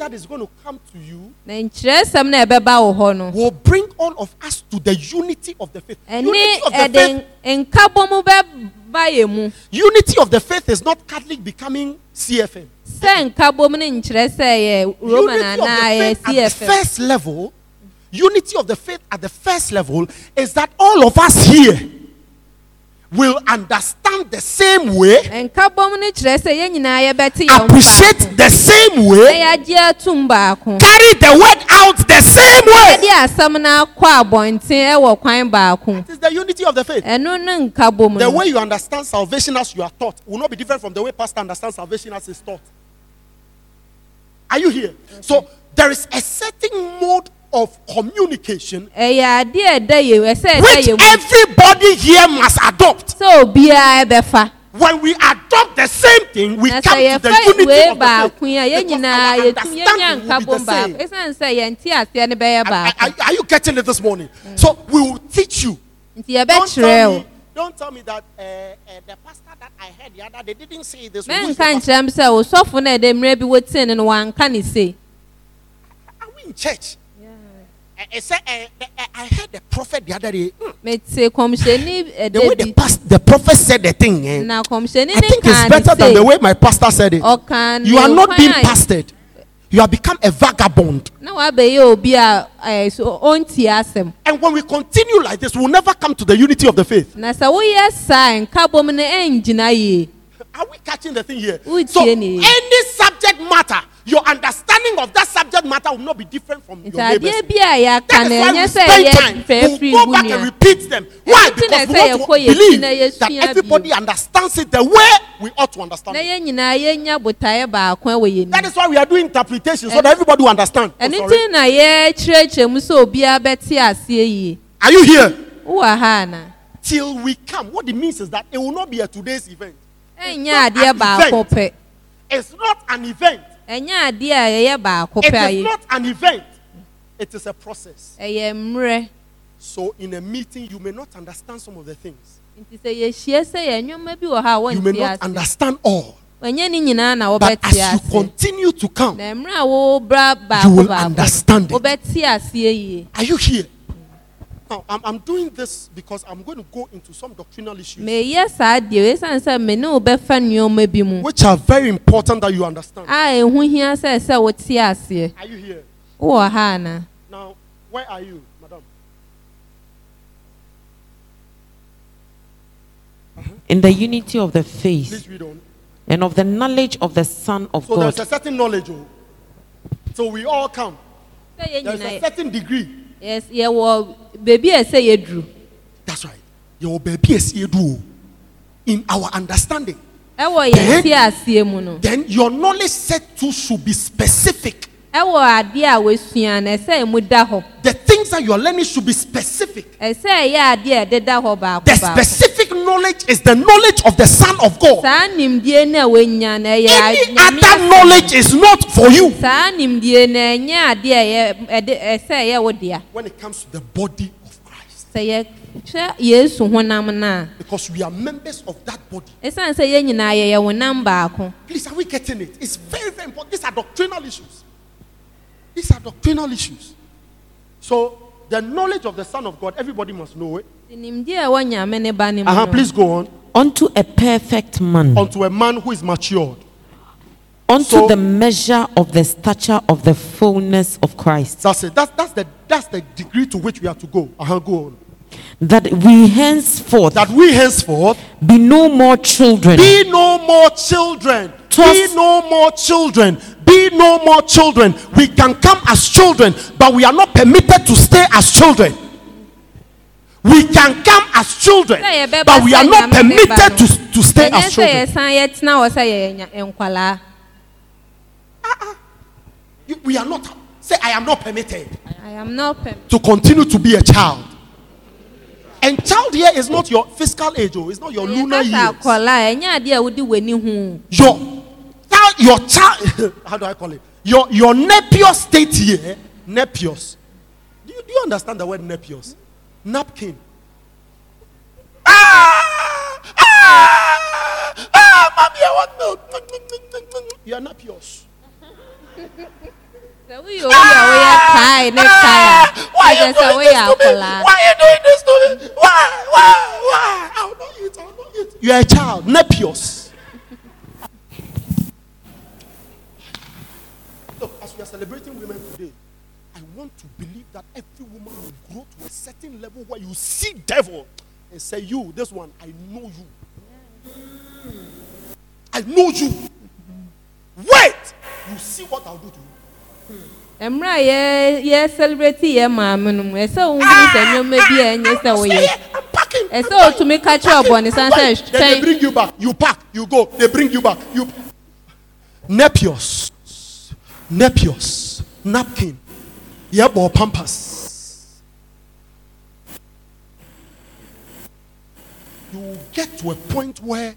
na nkyerɛsɛm na ɛbɛba wɔ hɔ no ɛne ɛde nkabɔ mu bɛba yɛ mu unity of the faith is not catholic becoming cfm sɛ nkabɔ mu ne nkyerɛ sɛ yɛ roman anaa yɛ cfm first level unity of the faith at the first level is that all of us here will understand the same way. Nkabom ni kyerɛ sɛ yɛn nyinaa yɛbɛte yɛn. Appreciate the same way. Na yagye atum baako. Carry the word out the same way. Yɛde asɛm na akɔ abɔnten ɛwɔ kwan baako. It is the unity of the faith. Ɛno ne nkabom no. The way you understand salvation as you are taught will not be different from the way pastor understands salvation as he's taught. Are you here? Okay. So there is a certain mode of communication. ẹ̀yà adé ẹ̀dá yẹn ẹsẹ̀ ẹ̀dá yẹn mu. which everybody here must adopt. sọ obiara ẹ bẹ fa. when we adopt the same thing we come to the unity of the faith because our understanding will be the same. are you getting it this morning. Mm. so we will teach you. nti ẹ bẹ kyerẹ o. Don't tell me that uh, uh, the pastor that I heard the other day didn't say this. Men kan kyerɛ mi sɛ osɔfo na ɛdɛ mmerɛ bi wotin no wanka ne se. Are we in church? I said, I, I heard the prophet the other day. Mm. The way the, past, the prophet said the thing. Eh? I think it's better than the way my pastor said it. You are not being pastored. You have become a vagabond. And when we continue like this, we will never come to the unity of the faith. Are we catching the thing here? so any subject matter, your understanding of that subject matter will not be different from your neighbors. That is why eh, we eh, spend time to go back and repeat them. Why? Because we want eh, to believe that everybody understands it the way we ought to understand it. That is why we are doing interpretation so that everybody will understand. Oh, are you here? Till we come, what it means is that it will not be a today's event. ɛnyɛ adeɛ baako pɛ. it's not an event. ɛnyɛ adeɛ a ɛyɛ baako pɛ ayi. it is not an event. it is a process. ɛyɛ mmerɛ. so in a meeting you may not understand some of the things. nti sɛ yɛhyia sɛ yɛ nneɛma bi wɔ ha a wɔn ti ase. you may not understand all. wɔnyɛ ne nyinaa na wɔbɛ ti ase. but as you continue to come. na mmerɛ a wɔbra baako baako. you will understand it. wɔbɛ ti ase yie. are you here. I'm, I'm doing this because I'm going to go into some doctrinal issues. Which are very important that you understand. Are you here? Wọ ha Now where are you, madam? Uh-huh. In the unity of the faith. Please read on. And of the knowledge of the Son of so God. So there's a certain knowledge. Oh. So we all come. There's a certain degree yes yɛwɔ beebi a ɛsɛ yɛduru. that's right yɛwɔ beebi a ɛsɛ yɛduru o in our understanding. ɛwɔ yɛn ti aseɛ mu no. then your knowledge set to should be specific ɛwɔ adeɛ a wɔasua no ɛsɛ emu da hɔ. the things that you are learning should be specific. ɛsɛ ɛyɛ adeɛ a ɛdeda hɔ baako baako. the specific knowledge is the knowledge of the son of God. saa nimdie na wɔnya na ɛyɛ any other knowledge is not for you. saa nimdie na ɛnyɛ adeɛ a ɛde ɛsɛ ɛyɛ wɔ dea. when it comes to the body of Christ. sɛ yɛ hwɛ yesu honam because we are members of that body. ɛsan sɛ yɛn nyinaa yɛyɛ honam baako. please are we getting it it's very very important these are doctrinal issues. These are doctrinal issues. So, the knowledge of the Son of God, everybody must know it. Uh-huh, please go on. Unto a perfect man. Unto a man who is matured. Unto so, the measure of the stature of the fullness of Christ. That's it. That's, that's, the, that's the degree to which we are to go. Uh-huh, go on. that we henceforth that we henceforth be no more children be no more children be no more children be no more children we can come as children but we are not permitted to stay as children we can come as children but we are not permitted to, to stay as children uh-uh. we are not say i am not permitted i am not permitted to continue to be a child And child here is not your fiscal age, oh, it's not your lunar year. years. Your child, your child, how do I call it? Your your nepios state here, nepios. Do you, do you understand the word nepios? Napkin. Ah, ah, ah, ah mommy, I want milk. You are nepios. Why are you doing this to me? Why are you doing this to me? you are a child, not Look, as we are celebrating women today, I want to believe that every woman will grow to a certain level where you see devil and say, "You, this one, I know you. I know you. Wait, you see what I'll do to you." mmerɛ a yɛ yɛ celebrate yɛ maame no mu ɛsɛ ohun ah, ah, bi sɛ nneɛma bi a ɛnyɛ sɛ wɔyɛ him. ẹ sẹ́ òtún mi kájí ọ̀bọ̀ ní sunset ṣe. then they bring you back you pack you go they bring you back you. nepios nepios napkin yẹ bọ̀ pampers. you get to a point where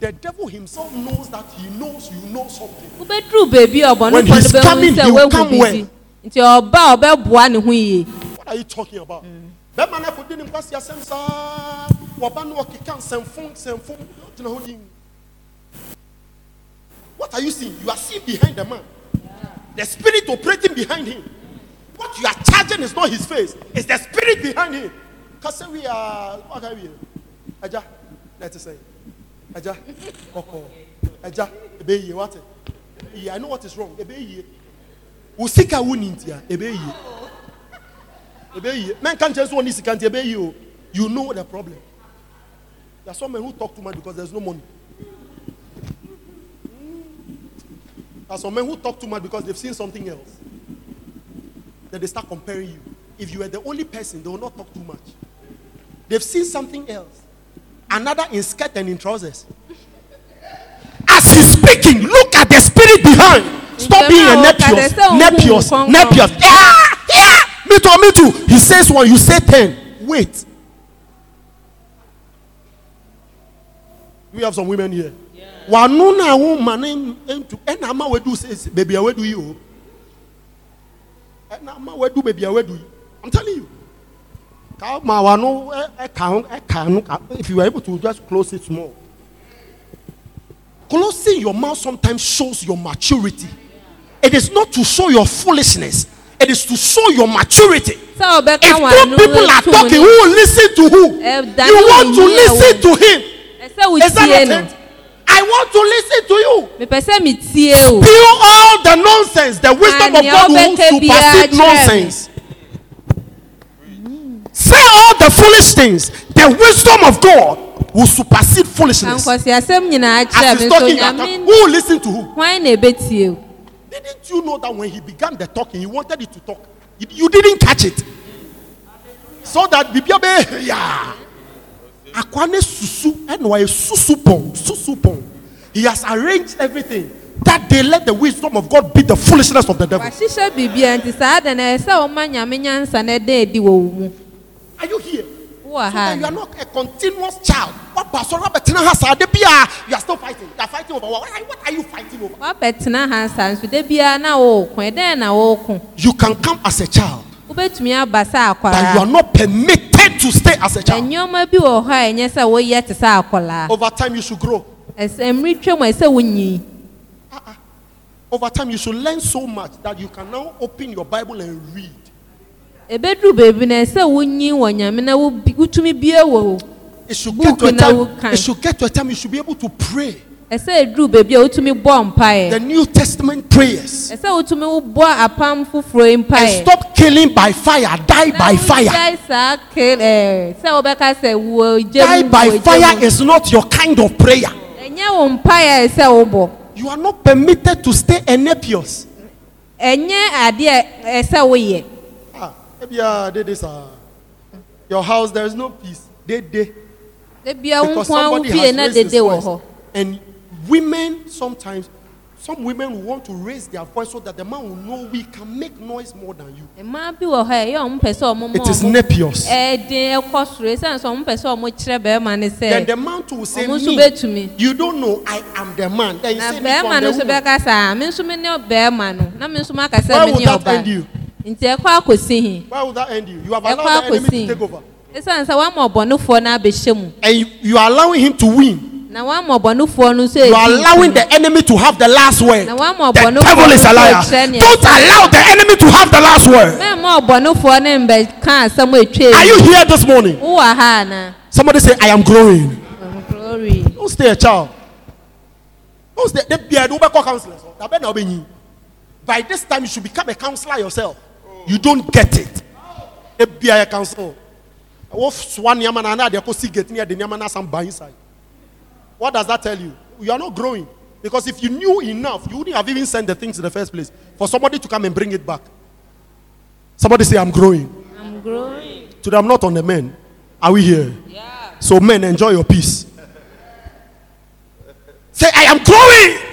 the devil himself knows that he knows you know something. wọ́n bẹ dúró bèbí ọ̀bọ̀ ní kọ́ ló bẹ wọ́n sẹ́ wọ́n ọba ọbẹ̀ bùa ni hu what are you talking about. Mm bɛrima no akɔdi ne nkwasi asɛm saa wɔba no wɔkeka nsɛmfo nsɛmfo gyina hɔ din what are you seeing you are seeing behind the man the spirit operating behind him what you are charging is not his face it's the spirit behind him kase wi aa waka wi ɛgya na ɛte sɛ ɛgya kɔkɔ ɛgya ebe yie wate yie i know what is wrong ebe yie wosika wo ni ntia ebe yie ebɛyie can't just want this. Can't obey you. Oh. you know the problem there are some men who talk too much because there's no money there are some men who talk too much because they've seen something else then they start comparing you if you were the only person they will not talk too much They've seen something else another in skirt and in trousers as he's speaking look at the spirit behind stop being a nepios nepios nepios. Ah! me too, me too. He says one, you say ten. Wait. We have some women here. Wanu na woman into e and ama we says baby we do you. E and ama we baby we do. I'm telling you. Kauma wanu e kan e kan e if you were able to just close it small. Closing your mouth sometimes shows your maturity. It is not to show your foolishness it is to show your maturity. So, if two people are talking who will lis ten to who you want to lis ten to him is that not it. I want to lis ten to you. Mepese mi tie o. Spill all the nonsense the wisdom of God will supersede nonsense. Say all the foolish things the wisdom of God will supersede foolishness. As he's talking who will lis ten to who. Wọ́n na ebe tie o you know that when he began the talking, he wanted it to talk. You didn't catch it. So that bibiabe yeah. Akwane susu enwa susu pon susu pon. He has arranged everything that they let the wisdom of God be the foolishness of the devil. Are you here? wɔ ha so you are not a continuous child wapa so wabɛtena ha saa de bia you are still fighting you are fighting over what are, what are you fighting over. wabɛtena ha saa nso de bia na wɔɔko ɛdɛn na wɔɔko. you can come as a child. wobɛtumi aba sɛ akwara. but you are not permitted to stay as a child. ɛnyɛma bi wɔ hɔ a ɛnyɛ sɛ wɔyɛ te sɛ akwara. over time you should grow. ɛsɛ mmiri twɛ mu ɛsɛ wɔnyi. over time you should learn so much that you can now open your bible and read ebedu beebi na ɛsɛ wonyi wɔ nyame na wotumi bie wɔ book na wokan. it you should be able to pray. ɛsɛ eduru beebi a wotumi bɔ mpaeɛ. the new testament prayers. ɛsɛ wotumi bɔ apam foforɔ mpaeɛ. and stop killing by fire die by fire. na wọ́n jẹ́ sá kill ẹ̀ eh, sẹ́ ọbẹ̀ka sẹ́ wò jẹ́ mu wò jẹ́ mu. die by fire is not your kind of prayer. ẹ̀yẹ́ wò mpaeɛ ẹ̀sẹ̀ wò bọ̀. you are not permitted to stay enepious. ẹ̀yẹ́ adé ẹ̀sẹ̀ e- wò yẹ ebia dede saa your house there is no peace dede. ebia nkun ahun fie na dede wɔ hɔ. and women sometimes some women want to raise their voice so that the man will know we can make noise more than you. mmaa bi wɔ hɔ ɛyɛ ɔmo pɛ sɛ ɔmo mɔ ɔmo. it is nepios. ɛɛdin ɛkɔ soro esan so ɔmo pɛ sɛ ɔmo kyerɛ bɛrima ni sɛ. then the man too say me ɔmo you don't know i am the man. then you say me for the woman. mi nso mi ni bɛrima no na mi nso ma mi ni ɔba. why would that end you nti ɛkɔ akɔsi hin. why would that end you you have allowed the enemy to take over. esan sa wàá mọ ọbọnufoɔ náà abɛhyɛ mu. and you, are allowing him to win. na wàá mọ ọbọnufoɔ no so èyí. you are allowing the enemy to have the last word. na wàá mọ ọbọnufoɔ no so èyí. the devil is a liar. don't allow the enemy to have the last word. bẹ́ẹ̀ mọ ọbọnufoɔ ní nbẹ kan asẹ́mu ètwe. are you here this morning. wú wà ha àná. somebody say i am growing. i am growing. don't stay a child. don't stay de bia de wọ́n bẹ kọ́ counselor sọ dàbẹ́ náà ọ bẹ yin by this time you should become a counselor yourself you don't get it ebi ayɛ kansan wo soa nneɛma na ana adeɛ ko si gate ne yɛ de nneɛma na asan ba inside what does that tell you you are not growing because if you knew enough you wouldn't have even sent the things in the first place for somebody to come and bring it back somebody say i'm growing i'm growing today i'm not on the men are we here yeah. so men enjoy your peace say i am growing.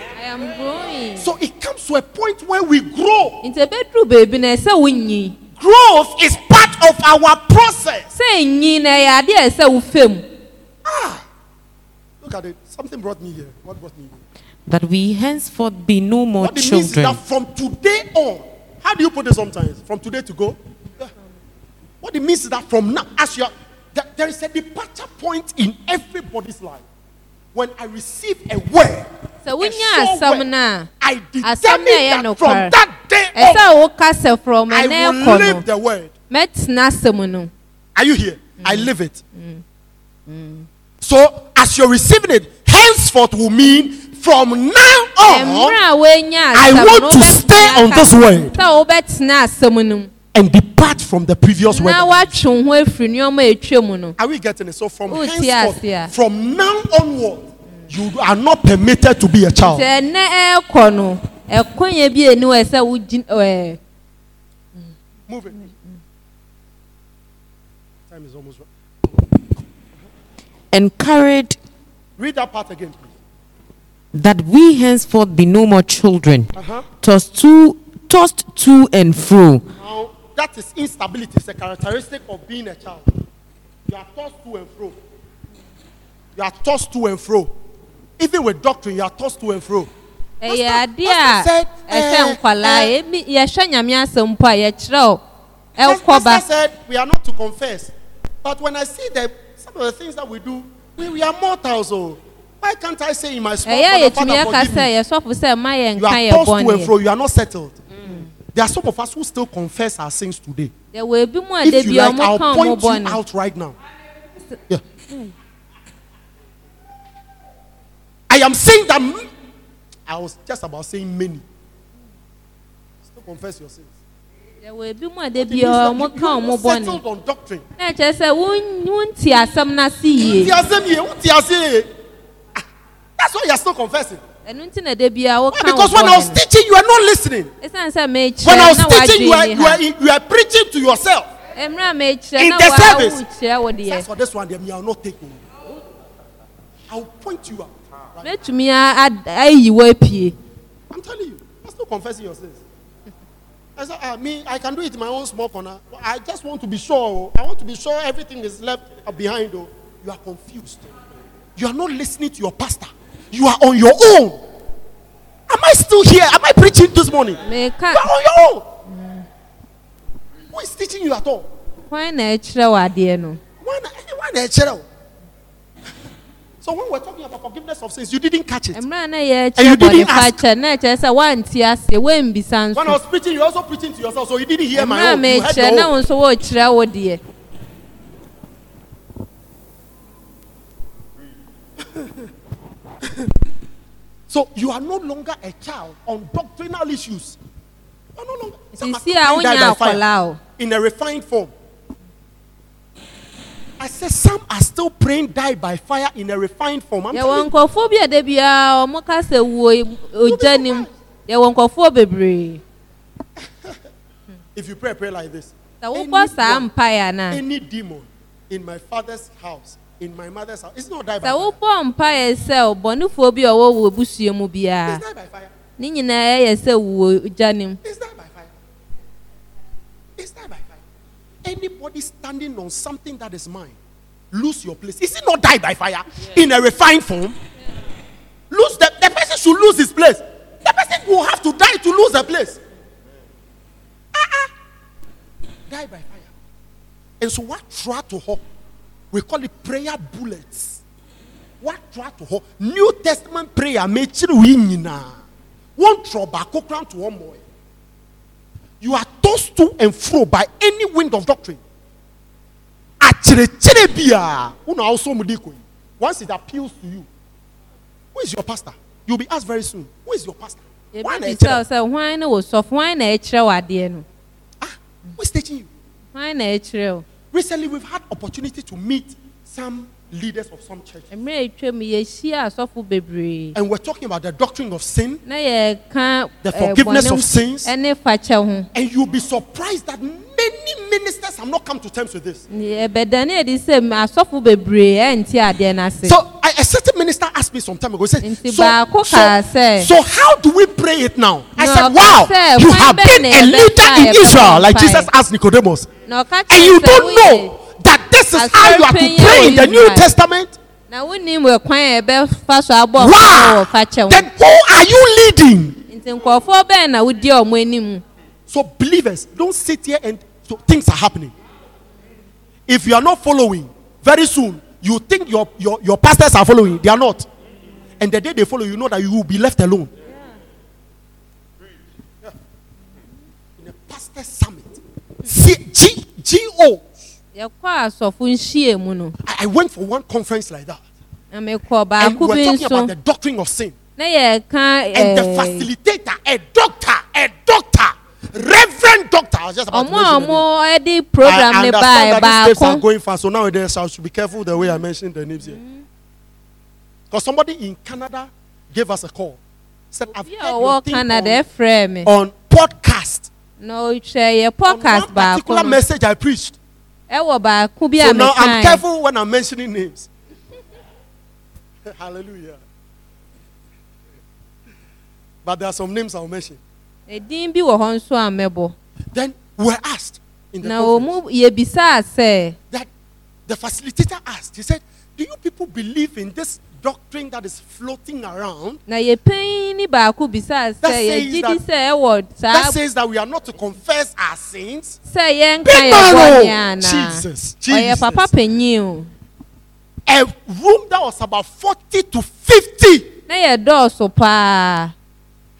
So it comes to a point where we grow. Nti ebeduru beebi na ɛsɛ wonyi. Growth is part of our process. Sɛ nyi na ɛyɛ adeɛ a ɛsɛ wofam. Ah! Look at it. Something brought me here. What brought me here? That we henceforth be no more what children. What it means is that from today on, how do you put it sometimes? From today to go? Yeah. What it means is that from now, as you are, there is a departure point in everybody's life. When I receive a word, sɛ wonya asɛm no a asɛm no ɛyɛ nokware ɛsɛ a woka sɛ frɔm ɛnɛ kɔ no mɛtena asɛm no Are you here? Mm. I live it. Mm. Mm. So, as you're receiving it, henceforth will mean from now on, I want to stay on this word and depart from the previous word. E Are we getting it? So, from henceforth, from now onward, you are not permitted to be a child. sɛ ne ɛkɔ no ɛkɔnyɛ bi eni wɔ sɛ wogyin ɛɛ. move it. time is almost encouraged. read that part again please. that we henceforth be no more children. Uh-huh. tossed to tossed to and fro. now that is instability it's a characteristic of being a child you are tossed to and fro you are tossed to and fro even with doctrine you are tossed to and fro. ɛyɛ eh, eh, eh, adeɛ a ɛsɛ nkwalaa emi yɛhwɛ nyame asɛm po a yɛkyerɛw ɛkɔ ba. pastor said we are not to confess but when i see the some of the things that we do we we are mortals o. Oh. So. Why can't I say in my small hey, father, yeah, father forgive me? You are tossed to and fro. You are not settled. Mm. There are some of us who still confess our sins today. There will be more if you like, I'll point you out right now. Yeah. Mm. I am saying that I was just about saying many. Still confess your sins. Settled on doctrine. That's why you are still confessing. Well, uh, because when I was teaching, you are not listening. When I uh, was teaching, you are, you are, you are preaching to yourself. Uh, in the service. That's for this one, you are not taking. I will point you out. mɛtumi ayi wɔ apie. i'm telling you that's still confessing your sins. I said, ah, me, I can do it in my own small corner. I just want to be sure. Oh. I want to be sure everything is left behind. Oh. You are confused. You are not listening to your pastor. You are on your own. Am I still here? Am I preaching this morning? You are on your own. Mm. Who is teaching you at all? Why not? Why not? Why not? So when we're talking about forgiveness of sins, you didn't catch it. And you didn't ask. When I was preaching, you also preaching to yourself, so you didn't hear my own. You heard your own. so you are no longer a child on doctrinal issues. You are no longer. Some, in a refined form. I say some are still praying, die by fire in a refined form. I'm telling you. Ah, if you pray, a prayer like this. Anyone, any demon in my father's house, in my mother's house, it's not die by fire. Is ah. die by fire. Is die by fire. Is die by fire anybody standing on something that is mine, lose your place. Is it not die by fire yeah. in a refined form? Yeah. Lose the, the person should lose his place. The person will have to die to lose the place. Uh-uh. Die by fire. And so what try to hope? We call it prayer bullets. What try to hope? New Testament prayer, make sure we One trouble, cook round to one more you are tossed to and fro by any wind of doctrine. Akyerɛkyerɛ biara wona awosɔ mu di kɔ yi once it appeals to you who is your pastor you will be asked very soon who is your pastor. Ebi bi sɛ ɔsɛ hwan na wò sɔfo hwan na ɛkyerɛ wɔ adeɛ no. Ah who is teaching you. Hwan na ɛkyerɛ o. Recently we've had opportunity to meet some leaders of some churches. mmerɛ etwa mu yɛhyia asɔfo bebree. and we're talking about the doctrine of sin. na yɛ ka the eh, forgiveness uh, of sins. and you'll be surprised that many ministers have not come to terms with this. ɛbɛdani edi sɛ asɔfo bebree ɛnti adeɛ n'ase. so a, a certain minister asked me some time ago he said. nti baako kaa sɛ. so how do we pray it now. i said wow you have been a leader in israel like jesus asked nicodemus. No, and you don't know this is how you are to pray in the new testament. na wo ni mo kwan yɛ bɛ fa so abɔ ɔmo wɔ fakyɛw. then who are you leading. nti nkɔfoɔ bɛɛ na wodi ɔmo anim. so believers don sit here and so things are happening if you are not following very soon you think your your your pastors are following they are not and the day they follow you know that you will be left alone. Yeah. In a pastor summit, C G G O yɛkɔ asɔfo nhyia mu no. I, I went for one conference like that. na mekɔ baako bi nso. and we were talking about the doctrine of sin. na yɛ ka and the eh, facilitator a doctor a doctor reverend doctor. just about to mention the ọmọ ọmọ ẹdi program ne ba ẹ baako. I understand that these tapes are going fast so nowadays I should be careful the way I mention the names here. because somebody in Canada gave us a call said I've heard your thing Canada on, on podcast. No, o ṣe yẹ podcast baako. one particular message I preached ɛwɔ baako bi a mɛkan. so now i'm careful when i'm mentioning names hallelujah but there are some names i will mention. edin bi wɔ hɔ nso a mɛbɔ. then we were asked. in the na wɔn yebisa sɛ. that the facilitator asked he said do you people believe in this doctrine that is floating around. na yẹ pín ní baako bisá se yẹ jíjí sẹ ẹ wọ sáà. that says that we are not to confess our sins. sẹ yẹ n ka yẹ bọ ní àná. jesus jesus ọyẹ papa penyin o. a room that was about forty to fifty. na yẹ dọ́ọ̀sù paa.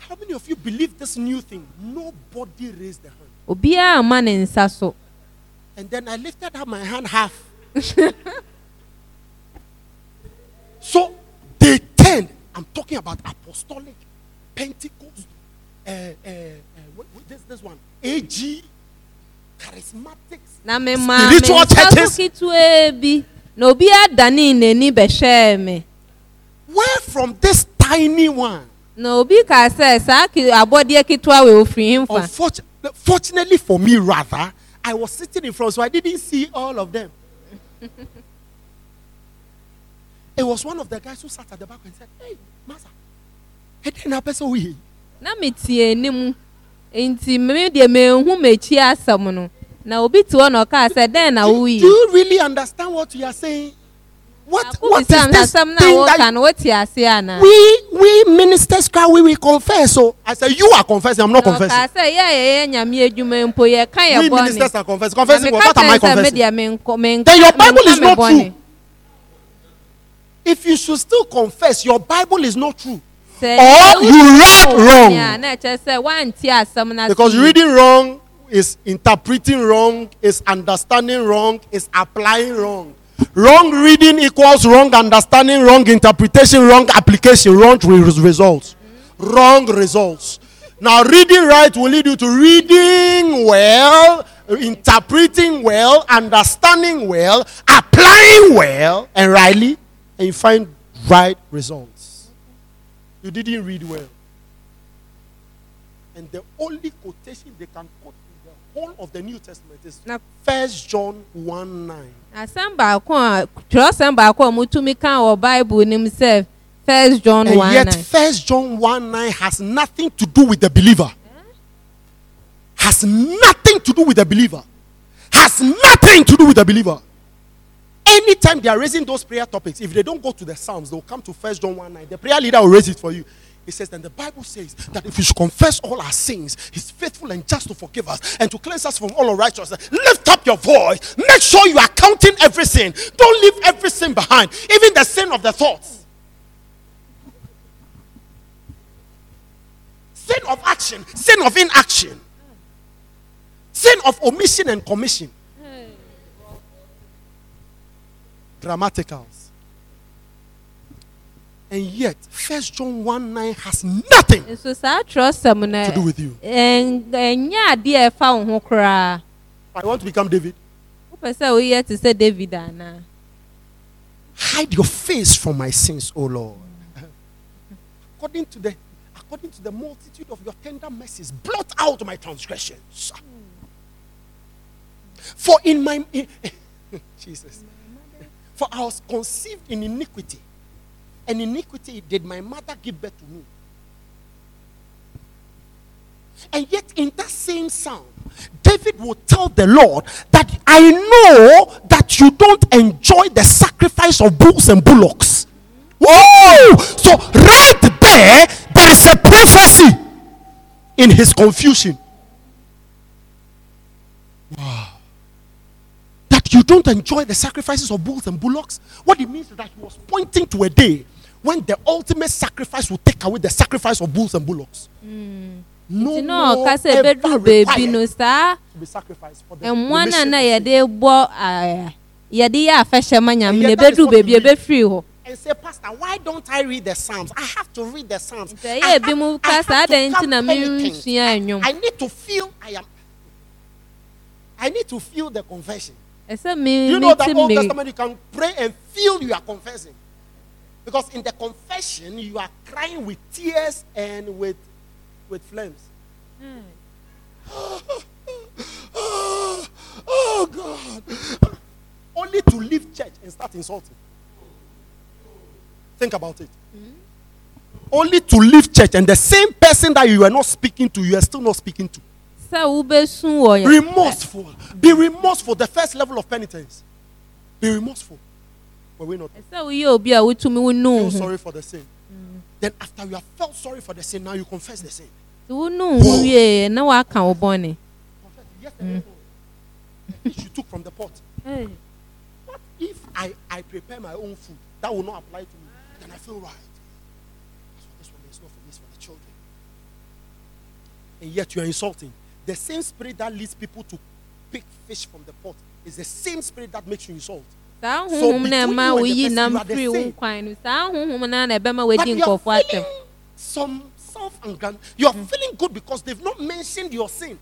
how many of you believe this new thing nobody raised their hand. obiara ma ne nsa so. and then i lifted up my hand half. So they turned. I'm talking about apostolic, Pentecost, uh, uh, uh, this, this one, AG, charismatics, spiritual churches. n'obi adani n'ani bɛhyɛ me. where from this tiny one. na obi ka sɛ saa abɔdeɛ ketewa wɔ ofiri nfa. fortunately for me rather i was sitting in front so i didn't see all of them. It was one of the guys who sat at the back and said, Hey, Master, I didn't have person we. Na metie ne mu. Enti me de me hu mechi asam no. Na obi to na ka say then na wo Do you really understand what you are saying? What what is this thing that we we ministers cry we we confess so I say you are confessing I'm not confessing. Ọ̀ka sẹ́ yẹ́ yẹ́ yẹ́ nyàmí edwuma mpo yẹ ká yẹ bọ́ ni. We ministers are confessing confessing what am I confessing? Then your bible is not true if you should still confess your bible is not true or you read wrong because reading wrong is interpreting wrong is understanding wrong is applying wrong wrong reading equals wrong understanding wrong interpretation wrong application wrong results wrong results now reading right will lead you to reading well interpreting well understanding well applying well and rightly and you find right results. You didn't read well. And the only quotation they can quote in the whole of the New Testament is First John 1 9. Asɛm baako a twerɛsɛm baako a mutumi Bible nim sɛ First John 1 9. And yet First John 1 9 has nothing to do with the believer. Has nothing to do with the believer. Has nothing to do with the believer. Anytime they are raising those prayer topics, if they don't go to the Psalms, they'll come to First John 1 9. The prayer leader will raise it for you. He says, then the Bible says that if we should confess all our sins, He's faithful and just to forgive us and to cleanse us from all unrighteousness. Lift up your voice. Make sure you are counting every sin. Don't leave every sin behind, even the sin of the thoughts. Sin of action, sin of inaction, sin of omission and commission. grammaticals. And yet, First John 1 9 has nothing to do with you. I want to become David. Hide your face from my sins, O Lord. according, to the, according to the multitude of your tender mercies, blot out my transgressions. Hmm. For in my. In, Jesus. For I was conceived in iniquity, and iniquity did my mother give birth to me. And yet, in that same psalm, David will tell the Lord that I know that you don't enjoy the sacrifice of bulls and bullocks. Whoa! So, right there, there is a prophecy in his confusion. you don't enjoy the sacrifices of bulls and bullocks. What it means is that he was pointing to a day when the ultimate sacrifice will take away the sacrifice of bulls and bullocks. Mm. No you know, more ever baby no sir. To be sacrificed for the and one uh, and I had a boy. yɛde yɛ afɛhyɛma nyame na ɛbɛdu baabi ɛbɛfiri hɔ and say, Pastor, why don't I read the Psalms? I have to read the Psalms. I, have, I, have I, I need to feel I am. I need to feel the confession you know that Old me. Testament you can pray and feel you are confessing. Because in the confession, you are crying with tears and with, with flames. oh, oh, oh God. Only to leave church and start insulting. Think about it. hmm Only to leave church and the same person that you were not speaking to, you are still not speaking to. Remorseful. Be remorseful. The first level of penitence. Be remorseful. Were we not? Feel sorry for the sin. Then after you have felt sorry for the sin, now you confess the sin. Whoa. Yesterday, mm. you took from the pot. What if I, I prepare my own food? That will not apply to me. Then I feel right. this one is not for me, for the children. And yet you are insulting. The same spirit that leads people to pick fish from the pot is the same spirit that makes you salt. saa ahụhụ na ɛma woyi nam firi wo nkwan no saa ahụhụ na na ɛbɛma You are feeling some self and you are mm. feeling good because they've not mentioned your sin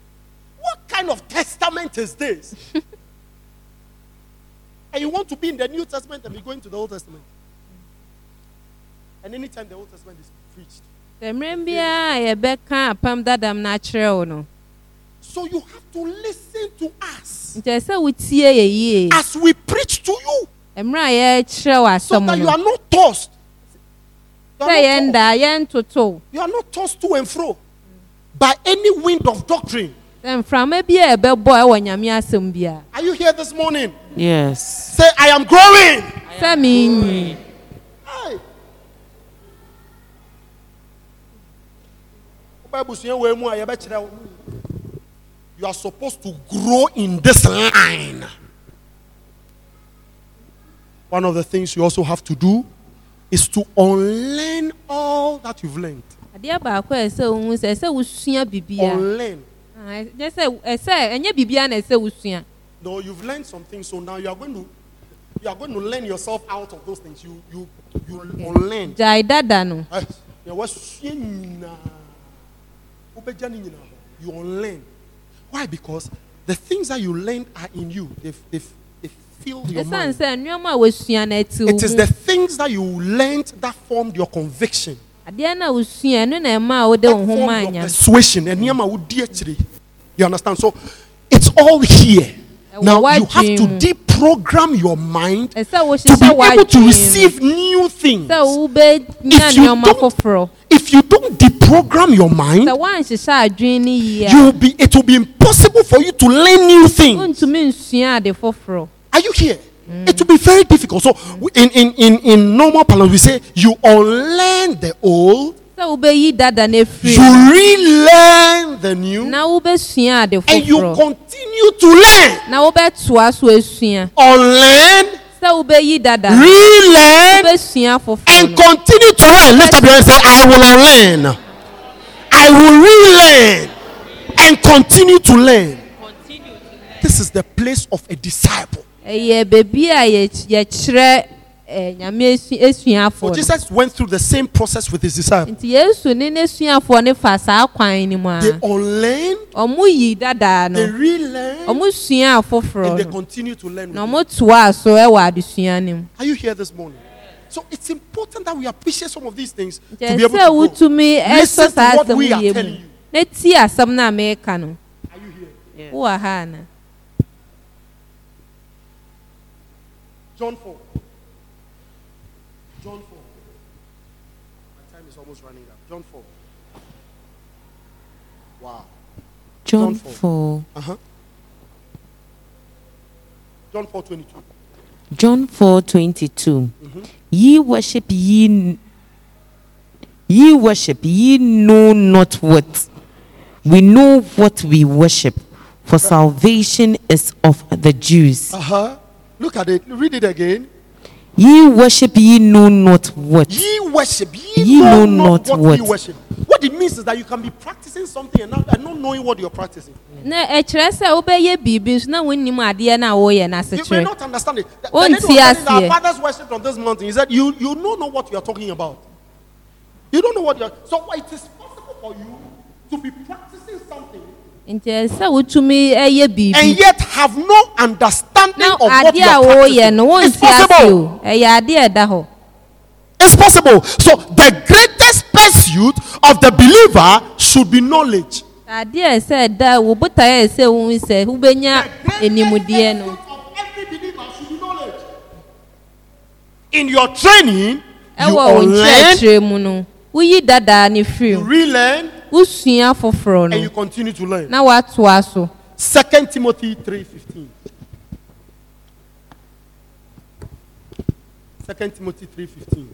what kind of testament is this and you want to be in the new testament and be going to the old testament and anytime the old testament is preached. mmerɛ biara yɛbɛka apam dadam no akyerɛ wo no. So you have to listen to us. Ǹjẹ́ sẹ́ wo tie yẹ yie? As we preach to you. Mmerɛ a yɛrekyerɛ wɔ asɛm So that you are not tossed. Sɛ yɛn da yɛn toto. You are not tossed to and fro by any wind of doctrine. Mframa bi a ɛbɛbɔ ɛwɔ nyame asɛm bia. Are you here this morning? Yes. Say I am growing. Sɛ mi nyi. Wọ́n bá ibùsùn yẹn wọ emu a yẹ bẹ kyerẹ wọn you are supposed to grow in this line. One of the things you also have to do is to unlearn all that you've learned. adeɛ baako a ɛsɛ ohun sɛ ɛsɛ wosua bibia. unlearn. Ah, ɛnyɛ sɛ ɛsɛ ɛnyɛ bibia na ɛsɛ wosua. no you've learned something so now you are going to you are going to learn yourself out of those things you you you unlearn. jai dada no. ɛ eh, ɛ wasua nyinaa wobɛgya ne nyinaa you unlearn. Why? Because the things that you learn are in you. They they've, they've filled your mind. It is the things that you learned that formed your conviction. That your persuasion. You understand? So it's all here. Now you have to deprogram your mind to be able to receive new things. If you don't if you don't deprogram your mind, you will be, it will be impossible for you to learn new things. Are you here? Mm. It will be very difficult. So, in, in, in, in normal parlance, we say you unlearn the old. You relearn the new. And you continue to learn. Unlearn Relearn and continue to learn. Lift up your hand say, I will learn. I will relearn and continue to learn. Continue to learn. This is the place of a disciple. Eh, For Jesus went through the same process with his disciples. They unlearned. They relearned. And they continue to learn. Are you here this morning? So it's important that we appreciate some of these things to be able to grow. Listen to what we are telling you. Are you here? Yeah. John four. John 4. Uh-huh. John 4 22. John 4 22. Mm-hmm. Ye worship ye ye worship ye know not what we know what we worship for uh-huh. salvation is of the Jews. Uh-huh. Look at it. Read it again. Ye worship ye know not what. Ye worship ye, ye know, know not, not what, what. Ye worship. What it means is that you can be practicing something and not, and not knowing what you're practicing. E na ɛkyerɛ sɛ wobɛyɛ biribi nso na wonim adeɛ na a woyɛ no ase kyerɛ. You may not understand it. The, the lady was telling our fathers worshipped on this mountain. He said, you, you don't know what are talking about. You don't know what you're... So it is possible for you to be practicing nti sɛ wotumi ɛyɛ biribi. and yet have no understanding no, of what you are practicing. na adeɛ a wɔyɛ no wɔn ti ase o ɛyɛ adeɛ ɛda hɔ. it's possible so the greatest pursuit of the believer should be knowledge. adeɛ sɛ ɛda wo bota yɛ sɛ ohun sɛ wobɛnya enimudeɛ no. in your training you unlearn. ɛwɔ wo nkyerɛkyerɛ mu no woyi dadaa ne firi mu. you relearn wosua foforɔ and you continue to learn. na to so. second timothy three fifteen. second timothy three fifteen.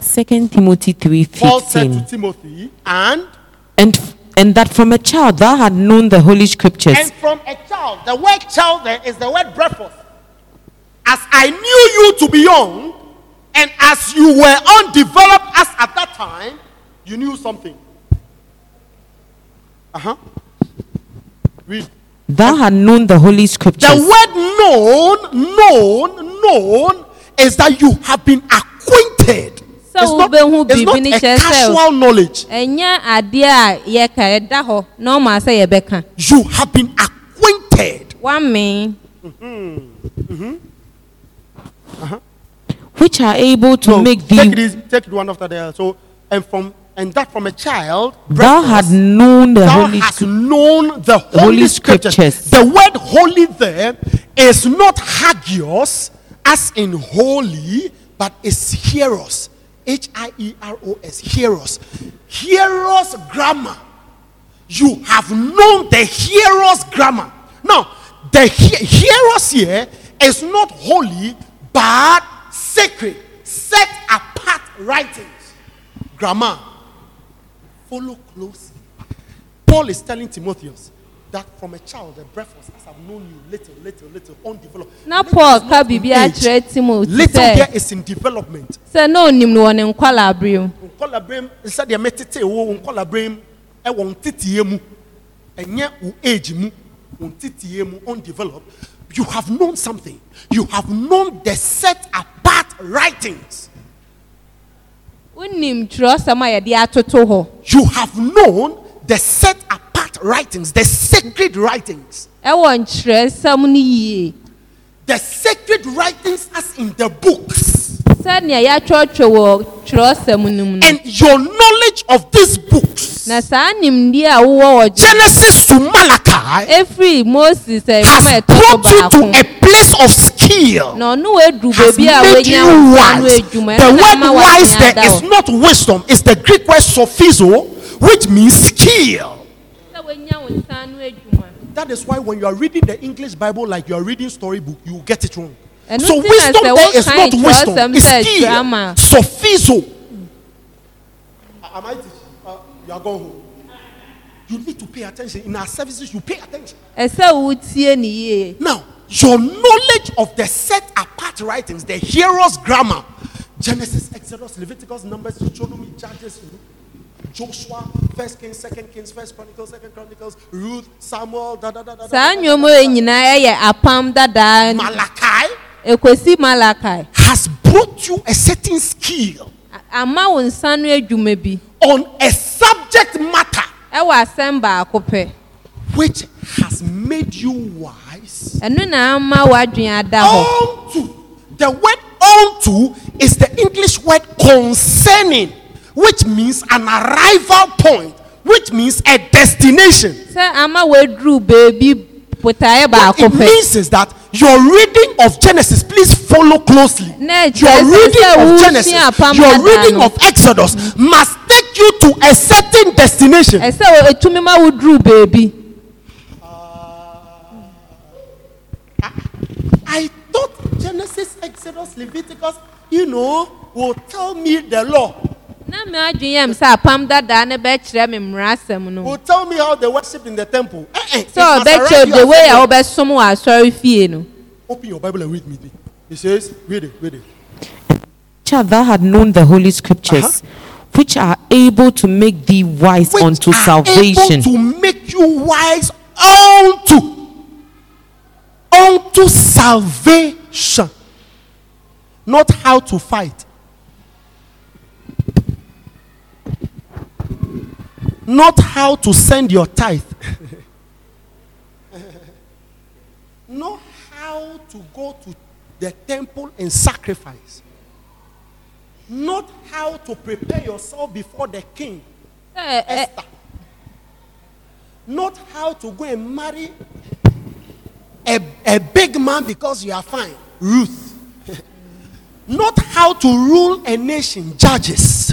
second timothy three fifteen. paul said to timothy and. and and that from a child thou had known the holy scriptures. and from a child the word child there is the word breakfast. as i knew you to be young and as you were undeveloped as at that time You knew something. Uh huh. Read. Thou had known the Holy Scriptures. The word known, known, known is that you have been acquainted. So it's not, it's not a casual knowledge. You have been acquainted. One man. Mm-hmm. mm-hmm. Uh-huh. Which are able to no, make thee. Take, this, take the one after the other. So, and from and that from a child. Thou had known the thou holy, hast known the holy, holy scriptures. scriptures. The word holy there is not hagios as in holy, but is hieros. H I E R O S. Hieros. Hieros grammar. You have known the hieros grammar. Now, the heroes hieros here is not holy, but sacred, set apart writings. Grammar follow closely. Paul is telling Timotheus that from a child, the breath was as I've known you, little, little, little, undeveloped. Now, Paul, ka bibi akyerɛ Timothy Little there is in development. Sɛ na onim no wɔ ne nkwala abirim. Nkwala abirim sɛdeɛ mɛtete wo nkwala abirim ɛwɔ e n titiɛ mu ɛnyɛ wo age mu n titiɛ mu undeveloped. You have known something. You have known the set apart writings wonim twerɛsɛm a yɛde atoto hɔ you have known the set apart writings the sacred writings ɛwɔ nkyerɛsɛm no yie the sacred writings as in the books sẹ́ni ẹ̀yà twerɛtwerɛ wɔ twerɛsɛm no mu and your knowledge of these books. na saa nimdi a wowɔ wɔ. genesis to malachi. Every moses ẹ̀yọ́mọ̀ ẹ̀tọ́ baako. has eh, brought you to a place of skill. na ọ̀nù eduru bèbí a wẹ́nyà wọ́n edwuma ẹ̀rọ náà ma wà ní àdáwọ̀. the word wise there is not wisdom it's the greek word sophizo which means skill. that is why when you are reading the english bible like you are reading story book you get it wrong so wisdom there is not wisdom it's skill sophizo. am I teaching uh, you are going need to pay attention in our services you pay attention. ẹsẹ wo tie nìyí. E. now your knowledge of the set apart writings the heroes grammar genesis exodus leviticus numbers deuteronomy judges joshua first kings second kings first chronicles second chronicles ruth samuel da da da da. saa nneɛma yɛ nyinaa yɛ apam dadaa. malakai. Ekwesi Malachi. Has brought you a certain skill. Ama wo nsa no edwuma bi. On a subject matter. Ɛwɔ asɛm baako pɛ. Which has made you wise. Ɛno na ama w'adwene ada hɔ. Unto the word unto is the English word concerning which means an arrival point which means a destination. Sẹ́ àmà wo eduru bèbí pòtàyé baako pẹ̀. What it means is that your reading of Genesis, please follow closely. Your reading of Genesis, your reading of Exodus mm-hmm. must take you to a certain destination. Ẹ̀sẹ̀ wo etumi máa wo dúró bèbí. Ah. I thought Genesis, Exodus, Leviticus, you know, will tell me the law na mi adwin yam sɛ apam dadaa ne bɛ kyerɛ mi mmara asɛm no. will tell me how they worship in the temple. Eh, eh, so, ɔbɛ kyerɛ the way a ɔbɛ som wɔ asɔre fie no. open your bible and read me there it says read it read it. each other had known the holy scriptures. Uh -huh. Which are able to make thee wise which unto salvation. Able to make you wise unto unto salvation. Not how to fight not how to send your tithe. Not how to go to the temple and sacrifice. Not how to prepare yourself before the king. Eh, eh, eh. Esther. Eh. Not how to go and marry a, a big man because you are fine. Ruth. Not how to rule a nation. Judges.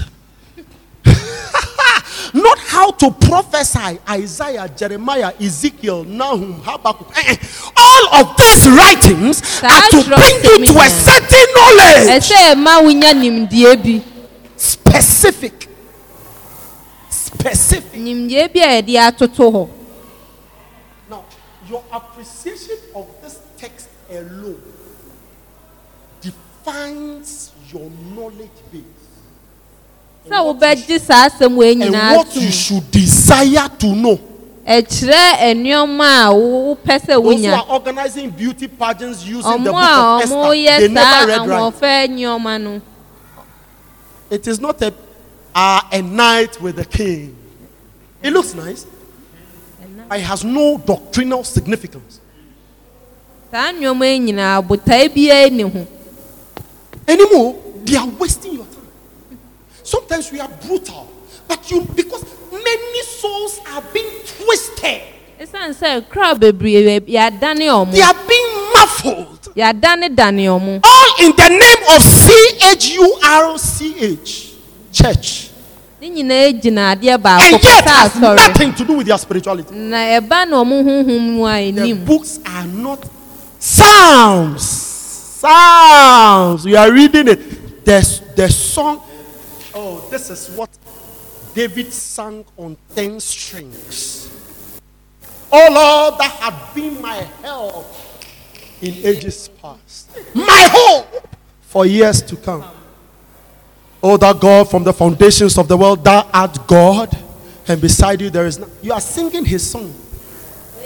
Not how to prophesy Isaiah, Jeremiah, Ezekiel, Nahum, Habakkuk. Eh, eh. All of these writings are to bring you to a certain knowledge. Specific. Specific. Now, your appreciation of this text alone defines your knowledge base sɛ wobɛgye saa asɛm wei nyinaa and what you should desire to know. ɛkyerɛ nneɛma a wopɛ sɛ wonya. those who are organizing beauty pageants using um, the book of Esther they never read right. ɔmo a ɔmo yɛ saa ahoɔfɛ nneɛma no. it is not a uh, a night with the king it looks nice but it has no doctrinal significance. saa nneɛma yi nyinaa botae biara ni ho. anymore they are wasting your Sometimes we are brutal, but you because many souls are being twisted. Ẹsan sẹ kura bebree yà dání ọmọ. They are being muffled. Yà dání dání ọmọ. All in the name of C-H-U-R-C-H church. Ní nyinaa gyina adeɛ baako kata asɔre. And yet has nothing to do with their spirituality. Na ɛba na ɔmo huhum mu a enim. The books are not psalms psalms You are reading it the the song Oh, this is what David sang on ten strings. Oh Lord, that had been my help in ages past, my hope for years to come. Oh, that God from the foundations of the world, thou art God, and beside you there is none. You are singing his song.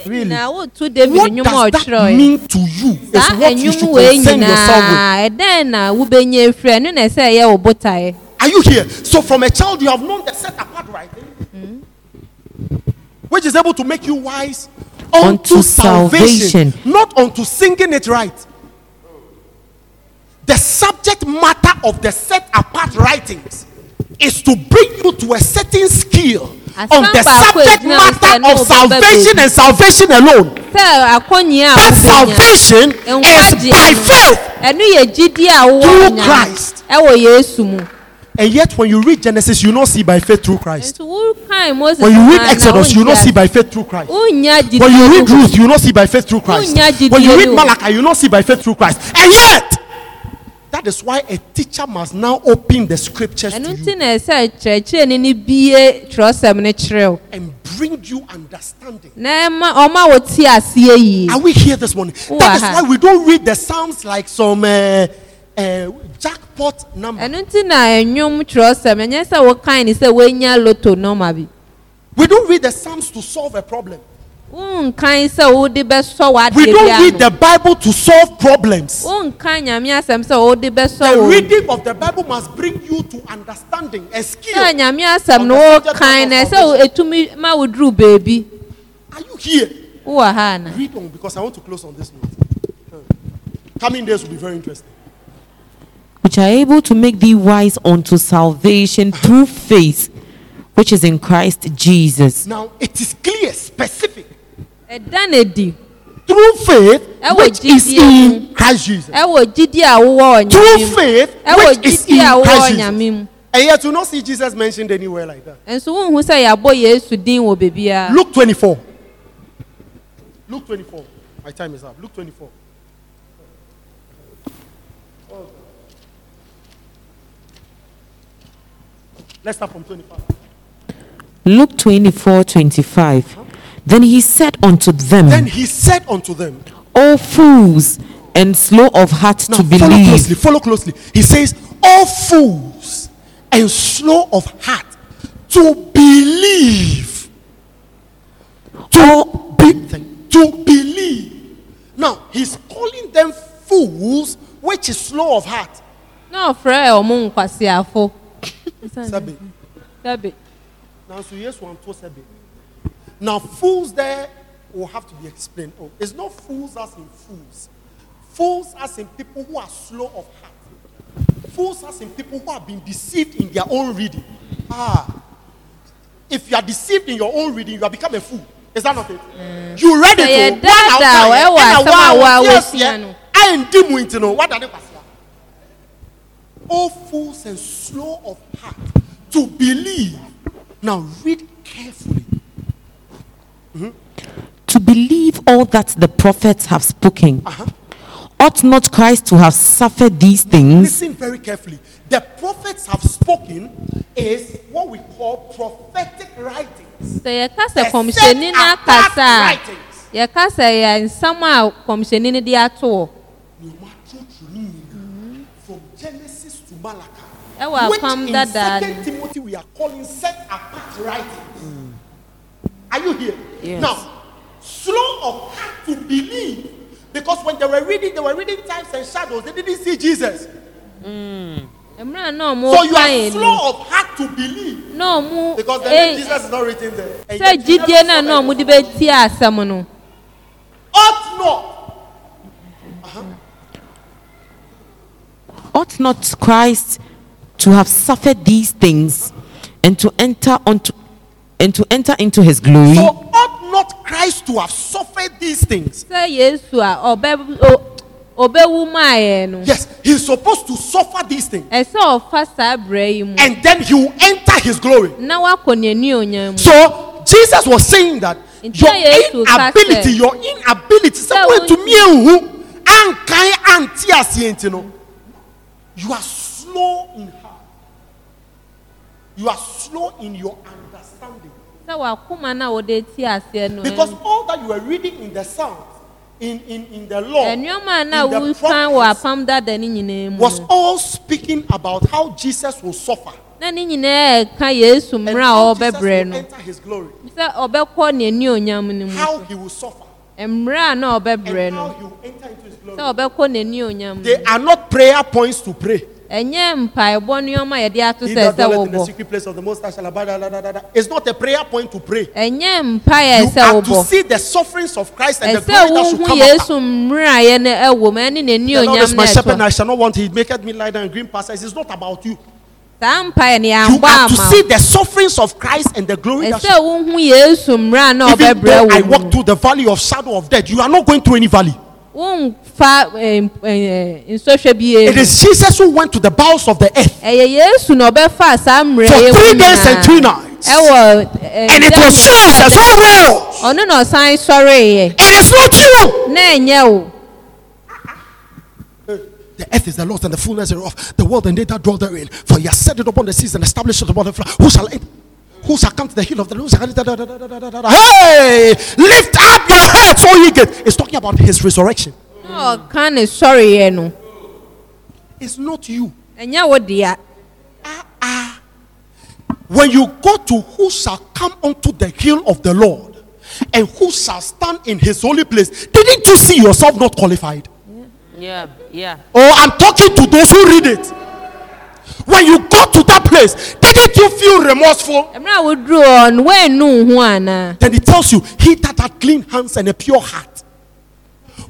Really? What does that mean to you? It's what you should concern yourself with. Are you here? So, from a child, you have known the set apart writing, mm-hmm. which is able to make you wise unto, unto salvation, salvation, not unto singing it right. The subject matter of the set apart writings is to bring you to a certain skill on the subject matter of salvation and salvation alone. That salvation is by faith through Christ. And yet, when you read Genesis, you not see by faith through Christ. When you read Exodus, you not see by faith through Christ. When you read Ruth, you not see by faith through Christ. When you read Malachi, you not see by faith through Christ. And yet, that is why a teacher must now open the scriptures to you and bring you understanding. Are we here this morning? That is why we don't read the Psalms like some. Uh, jackpot number. ẹnu tí na ẹ̀yún twerɛsɛm ẹ̀yẹ sẹ́ wọ́n kàn ní sẹ́ wọ́n nya lotto nọ́ọ̀mà bi. we don't read the psalms to solve a problem. wọ́n sẹ́ wọ́n de bẹ́ sọ wá dé bi àná. we don't read the bible to solve problems. wọ́n kàn nyàmí sẹ́ wọ́n de bẹ́ sọ wọ́n. the reading of the bible must bring you to understanding a skill. sẹ́ nyàmí àsẹ̀m ni wọ́n kàn náà sẹ́ ètùmí má wò dúró bèbí. are you here. wọ́n wà ha read on because i want to close on this note. coming days will be very interesting which are able to make thee wise unto salvation through faith which is in Christ Jesus. Now it is clear, specific. Through faith, which is in Christ Jesus. Through faith, which is in Christ Jesus. And yet you not see Jesus mentioned anywhere like that. And so when say your boy Luke 24. Luke 24. My time is up. Luke 24. Let's start from 25. Luke 24 25. Then he said unto them, Then he said unto them, O fools and slow of heart now, to believe. Follow closely, follow closely. He says, O fools and slow of heart to believe. To, oh. be, to believe. Now, he's calling them fools, which is slow of heart. No, Fred, sɛbe sɛbe nanso yesu anto sɛbe now fools there will have to be explained oh it's not fools as in fools fools as in people who are slow of heart fools as in people who have been deceived in their own reading ah if you are deceived in your own reading you have become a fool is that not it mm. you read it o one outside ẹna wa awo ti ẹsẹ ẹ ẹ n di mu nti no wa da ne All fools and slow of heart to believe. Now read carefully. Mm-hmm. To believe all that the prophets have spoken. Uh-huh. Ought not Christ to have suffered these things? Listen very carefully. The prophets have spoken is what we call prophetic writings. So yɛka sɛ kɔmhyɛni n'akasa a yɛka sɛ yɛ nsɛm a kɔmhyɛni de Malacca. Ewa which in Second Timothy we are calling set apart writing. Mm. Are you here? Yes. Now, slow of heart to believe, because when they were reading, they were reading types and shadows. They didn't see Jesus. Mm. So you are slow of heart to believe. No, mu, because the name Jesus is not written there. Sẹ́ jíjẹ́ náà náà mo di bẹ́ẹ̀ tí a sẹ́mu nù. Ought not Ought not Christ to have suffered these things and to enter onto and to enter into his glory? So ought not Christ to have suffered these things? E yes, he's supposed to suffer these things. E and then he will enter his glory. So Jesus was saying that your inability, your inability, someone to me who ankai anti asienti no. You are slow in heart. You are slow in your understanding. Because all that you were reading in the Psalms, in, in, in the law, in the prophets, was all speaking about how Jesus will suffer. How Jesus na ne nyinaa ɛka yesu mmerɛ a ɔbɛbrɛ no sɛ ɔbɛkɔ How he will suffer mmerɛ a na ɔbɛbrɛ no sɛ ɔbɛkɔ n'ani onyam they are not prayer points to pray ɛnyɛ mpaebɔ nneɛma yɛde ato sɛ sɛ wobɔ it's not a prayer point to pray ɛnyɛ mpaeɛ sɛ wobɔ you are to see the sufferings of Christ and the glory that should come after ɛsɛ wohu yesu mmerɛ a yɛn ɛwɔ mu ɛne n'ani onyam na the lord is my shepherd and i shall not want he maketh me lie down in green pastures it's not about you saa ni yà ń you are to see the sufferings of Christ and the glory that. ẹsẹ̀ òun hun Yéésù mìíràn náà even though I walk through the valley of shadow of death you are not going through any valley. wọ́n fa nsọ́hwẹ́ bí yéé. it is Jesus who went to the bowels of the earth. ẹ̀yẹ Yéésù náà ọbẹ̀ fa àṣà mìíràn yéé for three days and three nights. ẹwọ ẹ and it was Jesus who rose. ọ̀nù náà sàn sọ́rọ̀ yẹ. it is not you. náà ẹ̀yẹ o. The earth is the Lord's and the fullness thereof, the world and they that dwell therein. For he has set it upon the seas and established it upon the flood. Who shall it? Who shall come to the hill of the Lord? Hey, lift up your head. So you get. It's talking about his resurrection. Oh, can is sorry, you It's not you. And yeah, what dear? Ah, ah. When you go to who shall come unto the hill of the Lord and who shall stand in his holy place, didn't you see yourself not qualified? Yeah. yeah. Yeah. Oh, I'm talking to those who read it. When you go to that place, didn't you feel remorseful? Then it tells you, He that had clean hands and a pure heart,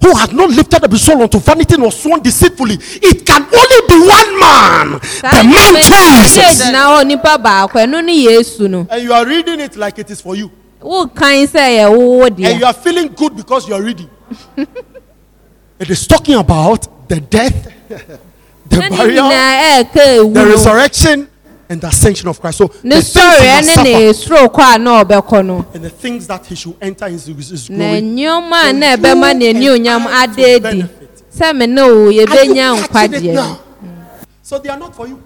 who had not lifted up his soul unto vanity nor sworn deceitfully, it can only be one man, the man Jesus. And you are reading it like it is for you. And you are feeling good because you are reading. it is talking about the death, the burial, the resurrection, and the ascension of Christ. So the things suffer, and the things that he should enter into his, his glory. So, so they are not for you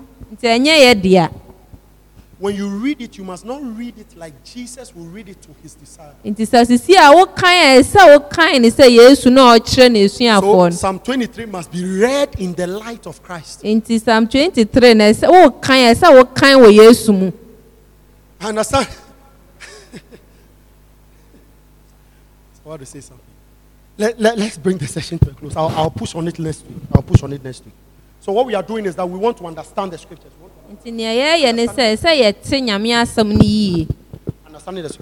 when you read it you must not read it like jesus will read it to his disciples. nti sɛ sisi a wokan ɛsɛ wokan ni sɛ yesu náà ɔkyerɛ ne suafoɔ no. so psalm twenty-three must be read in the light of christ. nti psalm twenty-three na ɛsɛ wokan ɛsɛ wokan wɔ yesu mu. i understand. I want to say something. Let, let, let's bring the session to a close. I'll, I'll push on it next week. I'll push on it next week. So, what we are doing is that we want to understand the scriptures nti nea yɛyɛ ne sɛ sɛ yɛte nyame asɛm no yie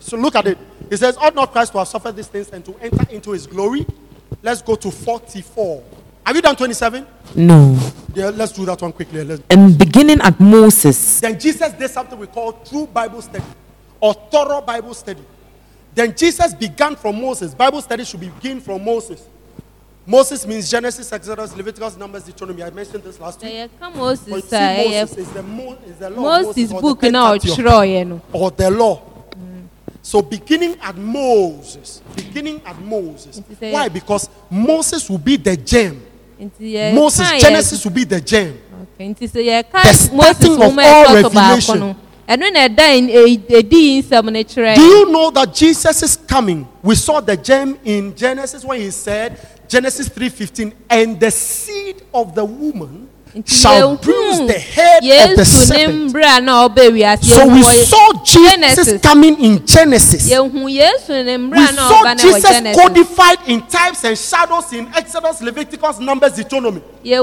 so look at it it says ought not christ to have suffered these things and to enter into his glory let's go to 44 have you done 27 no yeah, let's do that one quickly let's... and beginning at moses then jesus did something we call true bible study or thorough bible study then jesus began from moses bible study should begin from moses Moses means Genesis, Exodus, Leviticus, Numbers, Deuteronomy. I mentioned this last week. But Moses, you see, Moses is the, mo- is the law. Moses, Moses book now or the law. Mm. So beginning at Moses, beginning at Moses. Why? Because Moses will be the gem. Moses Genesis will be the gem. Okay. The starting of all revelation ẹnu na ẹda edi yi nsẹm ni kyerẹ. do you know that jesus is coming we saw the gem in genesis when he said genesis three fifteen and the seed of the woman shall bruise the head of the serpent. So we saw Jesus coming in Genesis. We saw Jesus codified in types and shadows in Exodus, Leviticus, Numbers, Deuteronomy. We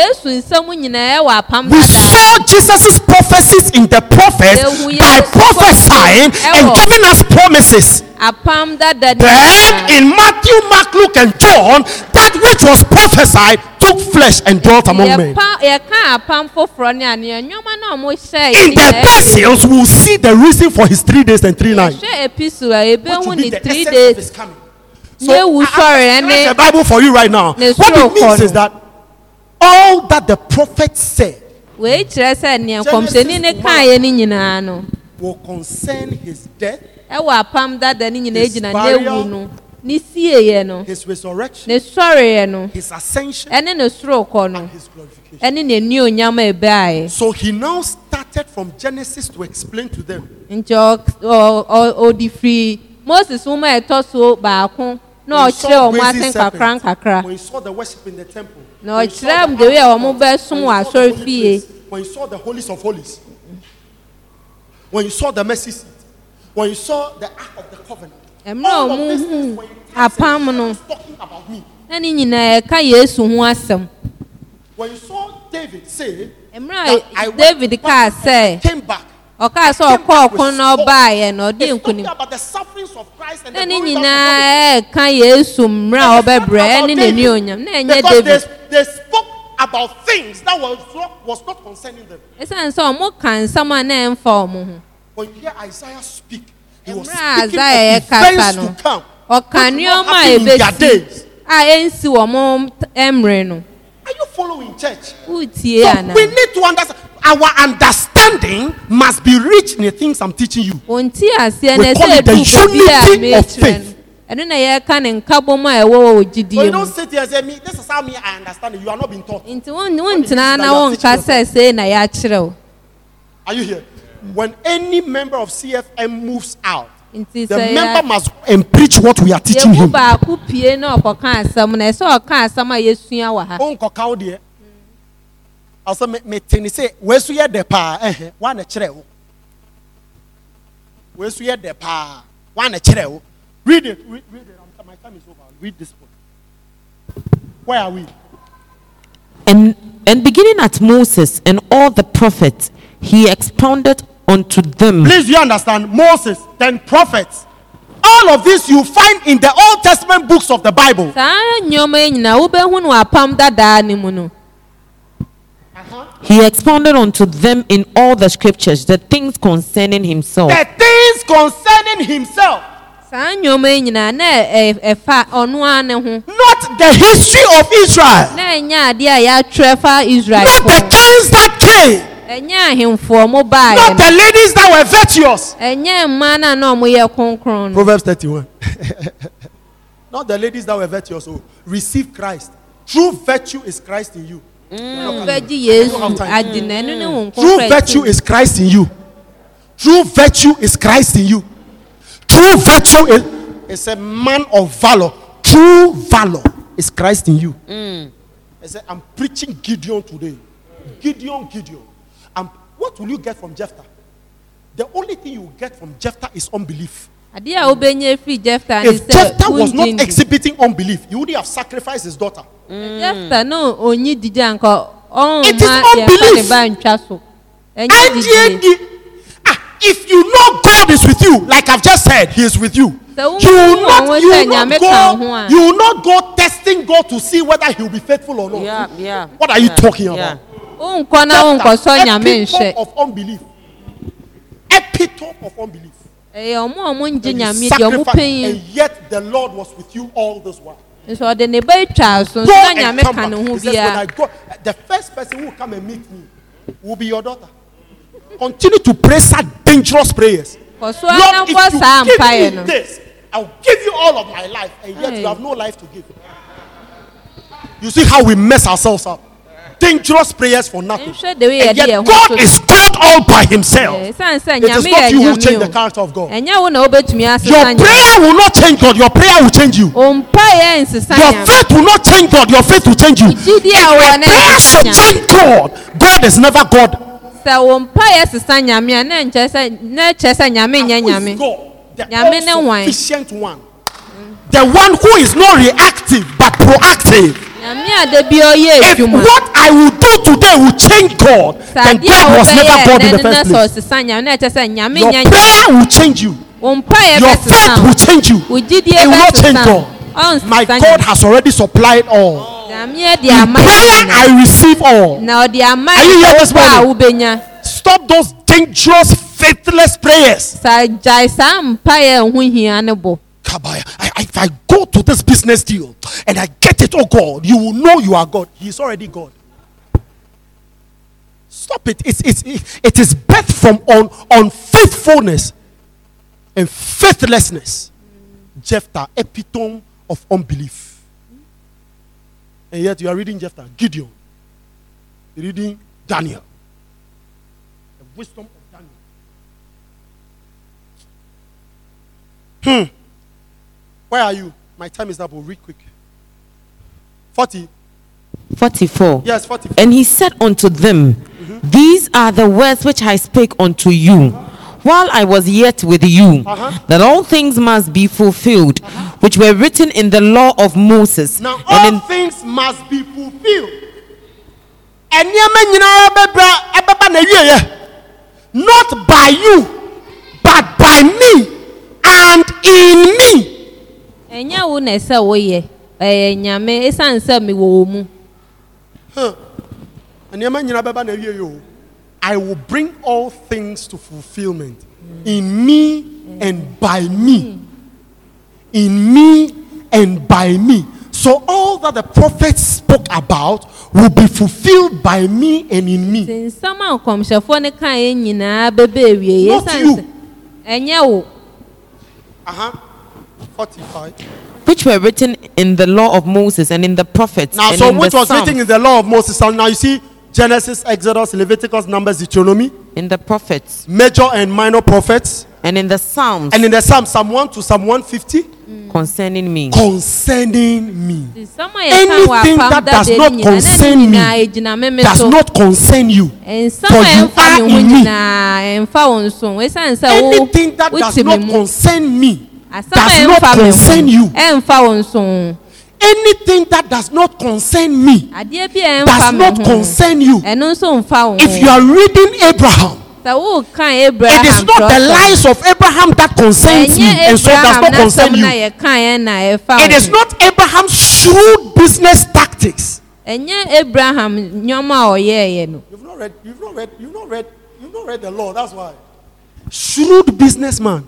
saw Jesus' prophecies in the prophets by prophesying and giving us promises apam that the then in matthew mark luke and john that which was prophesied took flesh and dwelt among men. yẹ̀ka apam foforọ ni àníyàn nyọ́mọ́ náà mo ṣe èyí. in the persons we will see the reason for his three days and three nights. ṣé epistle ẹ̀ ebe hun ni three days. so I am reading the bible for you right now. what it means is that all that the prophet said. wèé kyerẹ́ sẹ́ ni ẹ̀kọ́mṣẹ́ ní ní káàyè ní nyinaa nù will concern his death. ɛwɔ apam dada ne nyinaa gyina n'ewu no ne sieɛ no his resurrection ne sɔreɛ no his ascension ɛne ne sorokɔ no and his glorification ɛne ne nionyam e a ɛbɛaɛ. so he now started from genesis to explain to them. nti ɔ ɔ ɔdi firi moses nwoma ɛtɔ e so baako na ɔkyerɛ wɔn ase nkakra nkakra na ɔkyerɛ mu de wei a wɔn bɛ sum wɔ asɔre fie. when he saw the holies of holies when you saw the mercy seat, when you saw the act of the Covenant, all of this is when you talking about me. Ẹni nyinaa ẹ̀ka Yesu ho asẹm. When you saw David say. Mmerɛ David kaa sɛ. Came back. Ɔkaa sɛ ɔkɔ ɔko na ɔbaayɛ na ɔde nkunim. Ɛni nyinaa ɛka Yesu mmerɛ a ɔbɛbrɛ ɛne n'ani onyam na David. Because they spoke about things that was not, was not concerning them. Ẹsẹ̀ nsọ ọmọ kan nsọmọ náà ń fọ ọmọ ho. When you hear Isaiah speak, he was speaking of events to come. Ọ̀kan ní ọmọ ebesi a ẹnsi ọmọ ẹmìrì nù. Are you following church? Wútiẹ̀ àná. So we need to understand. Our understanding must be rich in the things I'm teaching you. Ohun tí àṣẹ ẹni ẹsẹ̀ ẹ̀dùn kò bí àmì ìtìrẹ̀ nù. We call it the faith ɛno na yɛreka ne nkabom a ɛwɔ wɔ gyidie mu nti wontena na wonka sɛ sei na you here? When any member of CFM moves out, the member must and preach what we are teaching him. baako pie na ɔkɔka asɛm na ɛsɛ ɔka asɛm a yɛsua wɔ ha. nkɔka wo deɛ ɔsɛ mete ne sɛ wɔasu yɛ dɛ paa ɛhɛ wɔa na kyerɛ wo wɔasu yɛ dɛ paa wɔa na kyerɛ wo. Read it. Read, read it. My time is over. Read this one. Where are we? And, and beginning at Moses and all the prophets, he expounded unto them. Please, you understand Moses, then prophets. All of this you find in the Old Testament books of the Bible. Uh-huh. He expounded unto them in all the scriptures the things concerning himself. The things concerning himself saa nneɛma yi nyinaa na ɛfa ɔno ne ho. not the history of israel. na ɛnyɛ adeɛ a yɛatwerɛ fa israel. not the kings that came. ɛnyɛ ahemfo ɔmo baa yɛ. not the ladies that were virtuous. ɛnyɛ mmaa na na ɔmo yɛ kronkron. proverbs thirty-one not the ladies that were virtuous o oh. receive christ true virtue is christ in you. mbɛji mm, yesu adinɛ ɛnu ni wɔn kɔ fɛ. true virtue is christ in you true virtue is christ in you true virtue is, is a man of valor. True valor is Christ in you. Mm. I said, I'm preaching Gideon today. Gideon, Gideon. And what will you get from Jephthah? The only thing you get from Jephthah is unbelief. Hmm. If Jephthah was not exhibiting unbelief, he would have sacrificed his daughter. Mm. It is unbelief. NGND if you know God is with you, like I've just said, He is with you. You will, not, you, will not go, you will not go testing God to see whether He will be faithful or not. Yeah, yeah, what are yeah, you talking about? Epitome of unbelief. Epitome of unbelief. Sacrifice, and yet the Lord was with you all this while. So the neighbor child, so the first person who will come and meet me will be your daughter continue to pray such dangerous prayers. For Lord, if you give me this, I will give you all of my life, and yet you have no life to give. You see how we mess ourselves up. Dangerous prayers for nothing. And yet God is God all by Himself. Eh, It is not you who change the character of God. Eh, your prayer will not change God. Your prayer will change you. Your faith will not change God. Your faith will change you. If your prayer should change God, God is never God sɛ wo mpaeɛ sesa nyame a na nkyɛ sɛ na kyerɛ sɛ nyame nyɛ nyame nyame ne wan the one who is not reactive but proactive. nyame a de bi ɔyɛ adwuma. if what i will do today will change god then god was never born in the first place. sadeɛ a wɔbɛyɛ ɛdɛ ne sɛ sesa nyame na kyerɛ sɛ nyame nyɛ nyame. your prayer will change you. wo mpaeɛ bɛ sesa your faith will change you. wo jidie bɛ sesa ɔn sesa nyame. my god has already supplied all. Oh. Prayer, I receive all. Now are Are you here this morning? Stop those dangerous, faithless prayers. I, if I go to this business deal and I get it, oh God, you will know you are God. He's already God. Stop it. It's, it's, it is birth from un, unfaithfulness and faithlessness. Jephthah, epitome of unbelief. And yet you are reading Jephthah, Gideon, You're reading Daniel. The wisdom of Daniel. Hmm. Where are you? My time is up, but read quick. 40. 44. Yes, 44. And he said unto them, mm-hmm. These are the words which I spake unto you while I was yet with you, uh-huh. that all things must be fulfilled, uh-huh. which were written in the law of Moses. Now, all things must be fulfilled. Not by you, but by me and in me. ɛnyɛ wo na ɛsɛ woyɛ ɛyɛ nyame ɛsiane sɛ mewɔ wɔ mu nneɛma nyinaa bɛba na awie yɛ o I will bring all things to fulfillment in me and by me. In me and by me. So all that the prophets spoke about will be fulfilled by me and in me. Nsɛm a nkɔmhyɛfoɔ ne kan yɛ nyinaa bɛbɛ Not you. Ɛnyɛ wo. Uh-huh. Which were written in the law of Moses and in the prophets. Now, so which was written in the law of Moses, now you see. Genesis, Exodus, Leviticus, Numbers, Deuteronomy. In the prophets. Major and minor prophets. And in the Psalms. And in the Psalms, Psalm 1 to Psalm 150. Mm. Concerning me. Concerning me. Anything that does not concern me does not concern you. For you are in me. Anything that does not concern me does not concern you anything that does not concern me does not concern you. If you are reading Abraham, it is not the lies of Abraham that concerns me and so does not concern you. It is not Abraham's shrewd business tactics. You've not read, you've not read, you've not read, you've not read the law, that's why. Shrewd businessman.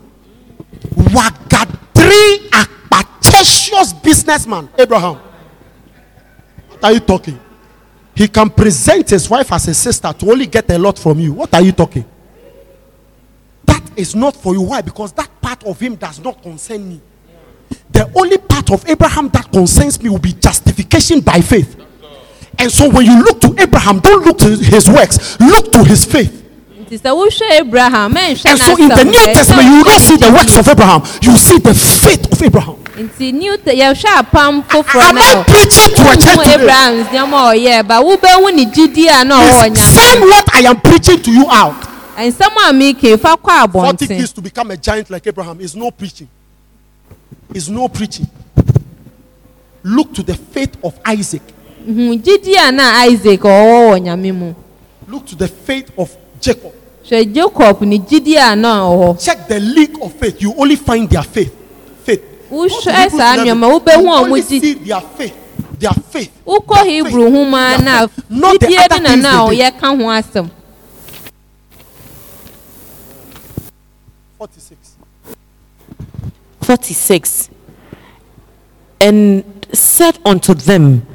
Wagadri akpat audacious businessman, Abraham. What are you talking? He can present his wife as a sister to only get a lot from you. What are you talking? That is not for you. Why? Because that part of him does not concern me. The only part of Abraham that concerns me will be justification by faith. And so when you look to Abraham, don't look to his works, look to his faith. And so in the New Testament, you will see the works of Abraham, you see the faith of Abraham. nti new te yɛhwɛ apam foforɔ no i'm not preaching to a church today abraham's nneɛma ɔyɛ ba wobɛhu ne gyidi a na ɔwɔ nyame send what i am preaching to you out And some nsɛm a meke fa kɔ abɔnten forty years to become a giant like abraham is no preaching is no preaching look to the faith of isaac hu a na isaac ɔwɔ wɔ nyame look to the faith of jacob hwɛ jacob ni gidi a na check the league of faith you only find their faith faith. wohwɛ saa nneɛma wobɛhu ɔmo gyi. you only see their faith their faith. wokɔ hebrew homa na gidie bi na na ɔyɛ ka ho asɛm. Forty-six, and said unto them,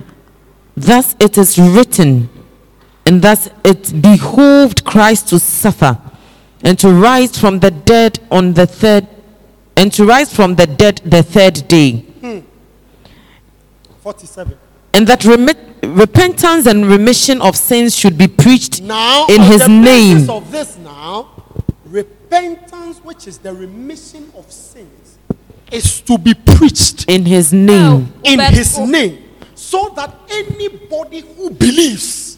Thus it is written, and thus it behooved Christ to suffer and to rise from the dead on the third and to rise from the dead the third day. Hmm. 47. And that remit, repentance and remission of sins should be preached now, in his name. of this now, repentance, which is the remission of sins, is to be preached in his name. in his name. So that anybody who believes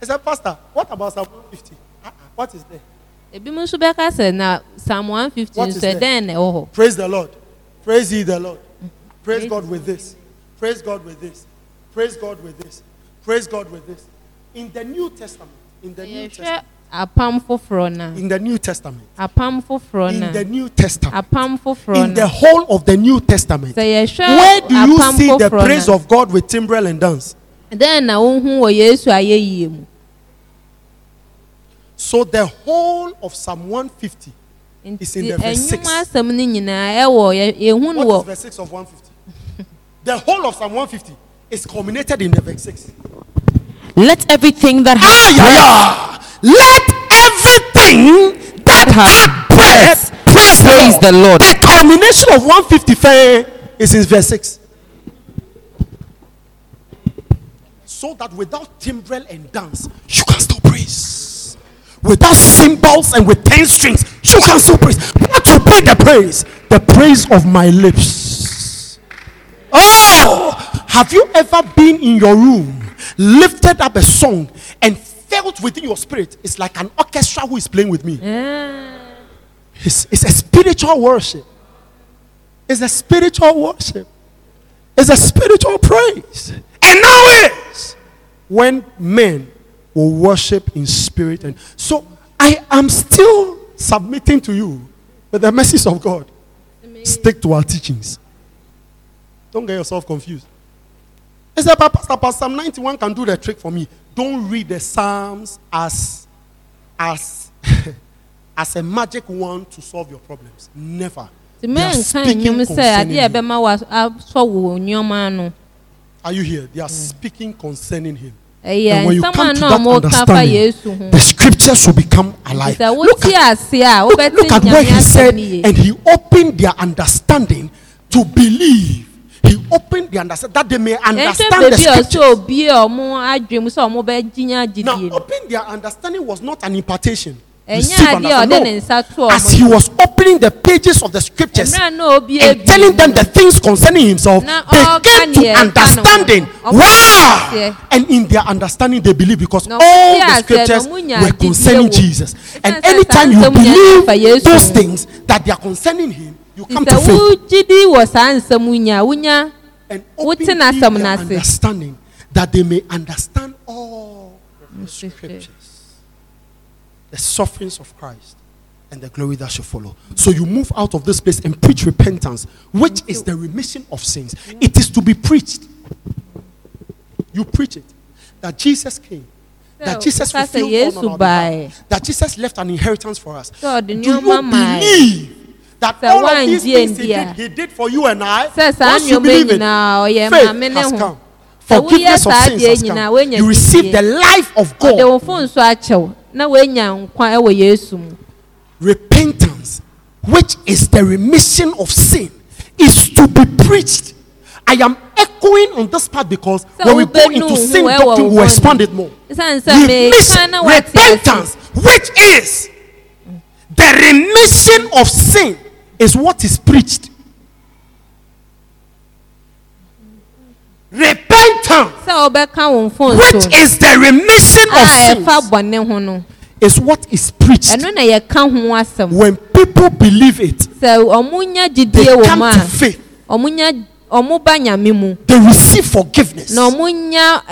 He said, Pastor, what about Psalm 150? Uh-uh, ah, ah, what is there? ebi musubeka said, Now psalm one fifteen sɛ dɛn praise the lord praise ye the lord mhm. praise, praise god with this praise god with this praise god with this praise god with this in the new testament in the new testament. in the new testament. in the new testament. in the whole of the new testament. where do you see the praise of god with timbrel and dance. Then na unhu wɔ yesu mu. So the whole of Psalm 150 is in the verse six. What is verse six of 150? the whole of Psalm 150 is culminated in the verse six. Let everything that has ah, yeah, yeah. Let everything that has breath praise, praise the Lord. The culmination of 155 is in verse six. So that without timbrel and dance, you can still praise. without symbols and with ten strings, you can still praise. What to pay the praise? The praise of my lips. Oh, have you ever been in your room, lifted up a song, and felt within your spirit it's like an orchestra who is playing with me? Yeah. It's, it's a spiritual worship. It's a spiritual worship. It's a spiritual praise. And now it's when men will worship in spirit. And so I am still submitting to you with the message of God. Amazing. Stick to our teachings. Don't get yourself confused. He said, Pastor, Pastor, Psalm 91 can do the trick for me. Don't read the Psalms as, as, as a magic wand to solve your problems. Never. Are you here? They are mm. speaking concerning him. Eh, and when you come to that understanding, mm-hmm. the scriptures will become alive. Look at, look, look at what he said, and he opened their understanding to believe. He opened their understanding that they may understand the scriptures. Now, opening their understanding was not an impartation. As he was opening the pages of the scriptures and telling them the things concerning himself, they came to understanding. Wow! And in their understanding, they believe because all the scriptures were concerning Jesus. And anytime you believe those things that they are concerning him, you come to faith. And opening their understanding that they may understand all the scriptures the sufferings of Christ and the glory that shall follow. So you move out of this place and preach repentance, which is the remission of sins. It is to be preached. You preach it that Jesus came. That Jesus fulfilled all on our behalf, That Jesus left an inheritance for us. So Do you believe that all of these things he did, he did for you and I? Once you believe it, faith has come. Forgiveness of sins has come. You receive the life of God na wanya nkwa ɛwɔ yesu mu. repentance which is the remission of sin is to be preached i am echoing on this part because so when we go into sin doctrine we will expand it more. remission repentance which is the remission of sin is what is preached repentance. sẹ́ ọ bẹ́ fún ọ̀sọ́. which is the remission of ah, sins. a ẹ̀fà bọ̀ ne ho is what is preached. ẹnu na yẹ ká ho asẹm. when people believe it. sẹ ọmú nya jidie wọ mu they come to faith. ọmú nya ọmú bá nyàmí mu. they receive forgiveness. na ọmú nya.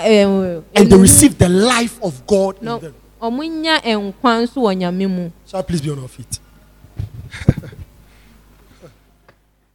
and they receive the life of God no, in them. ọmú nya nkwa nso wọ nyàmí mu. shall I please be on our feet.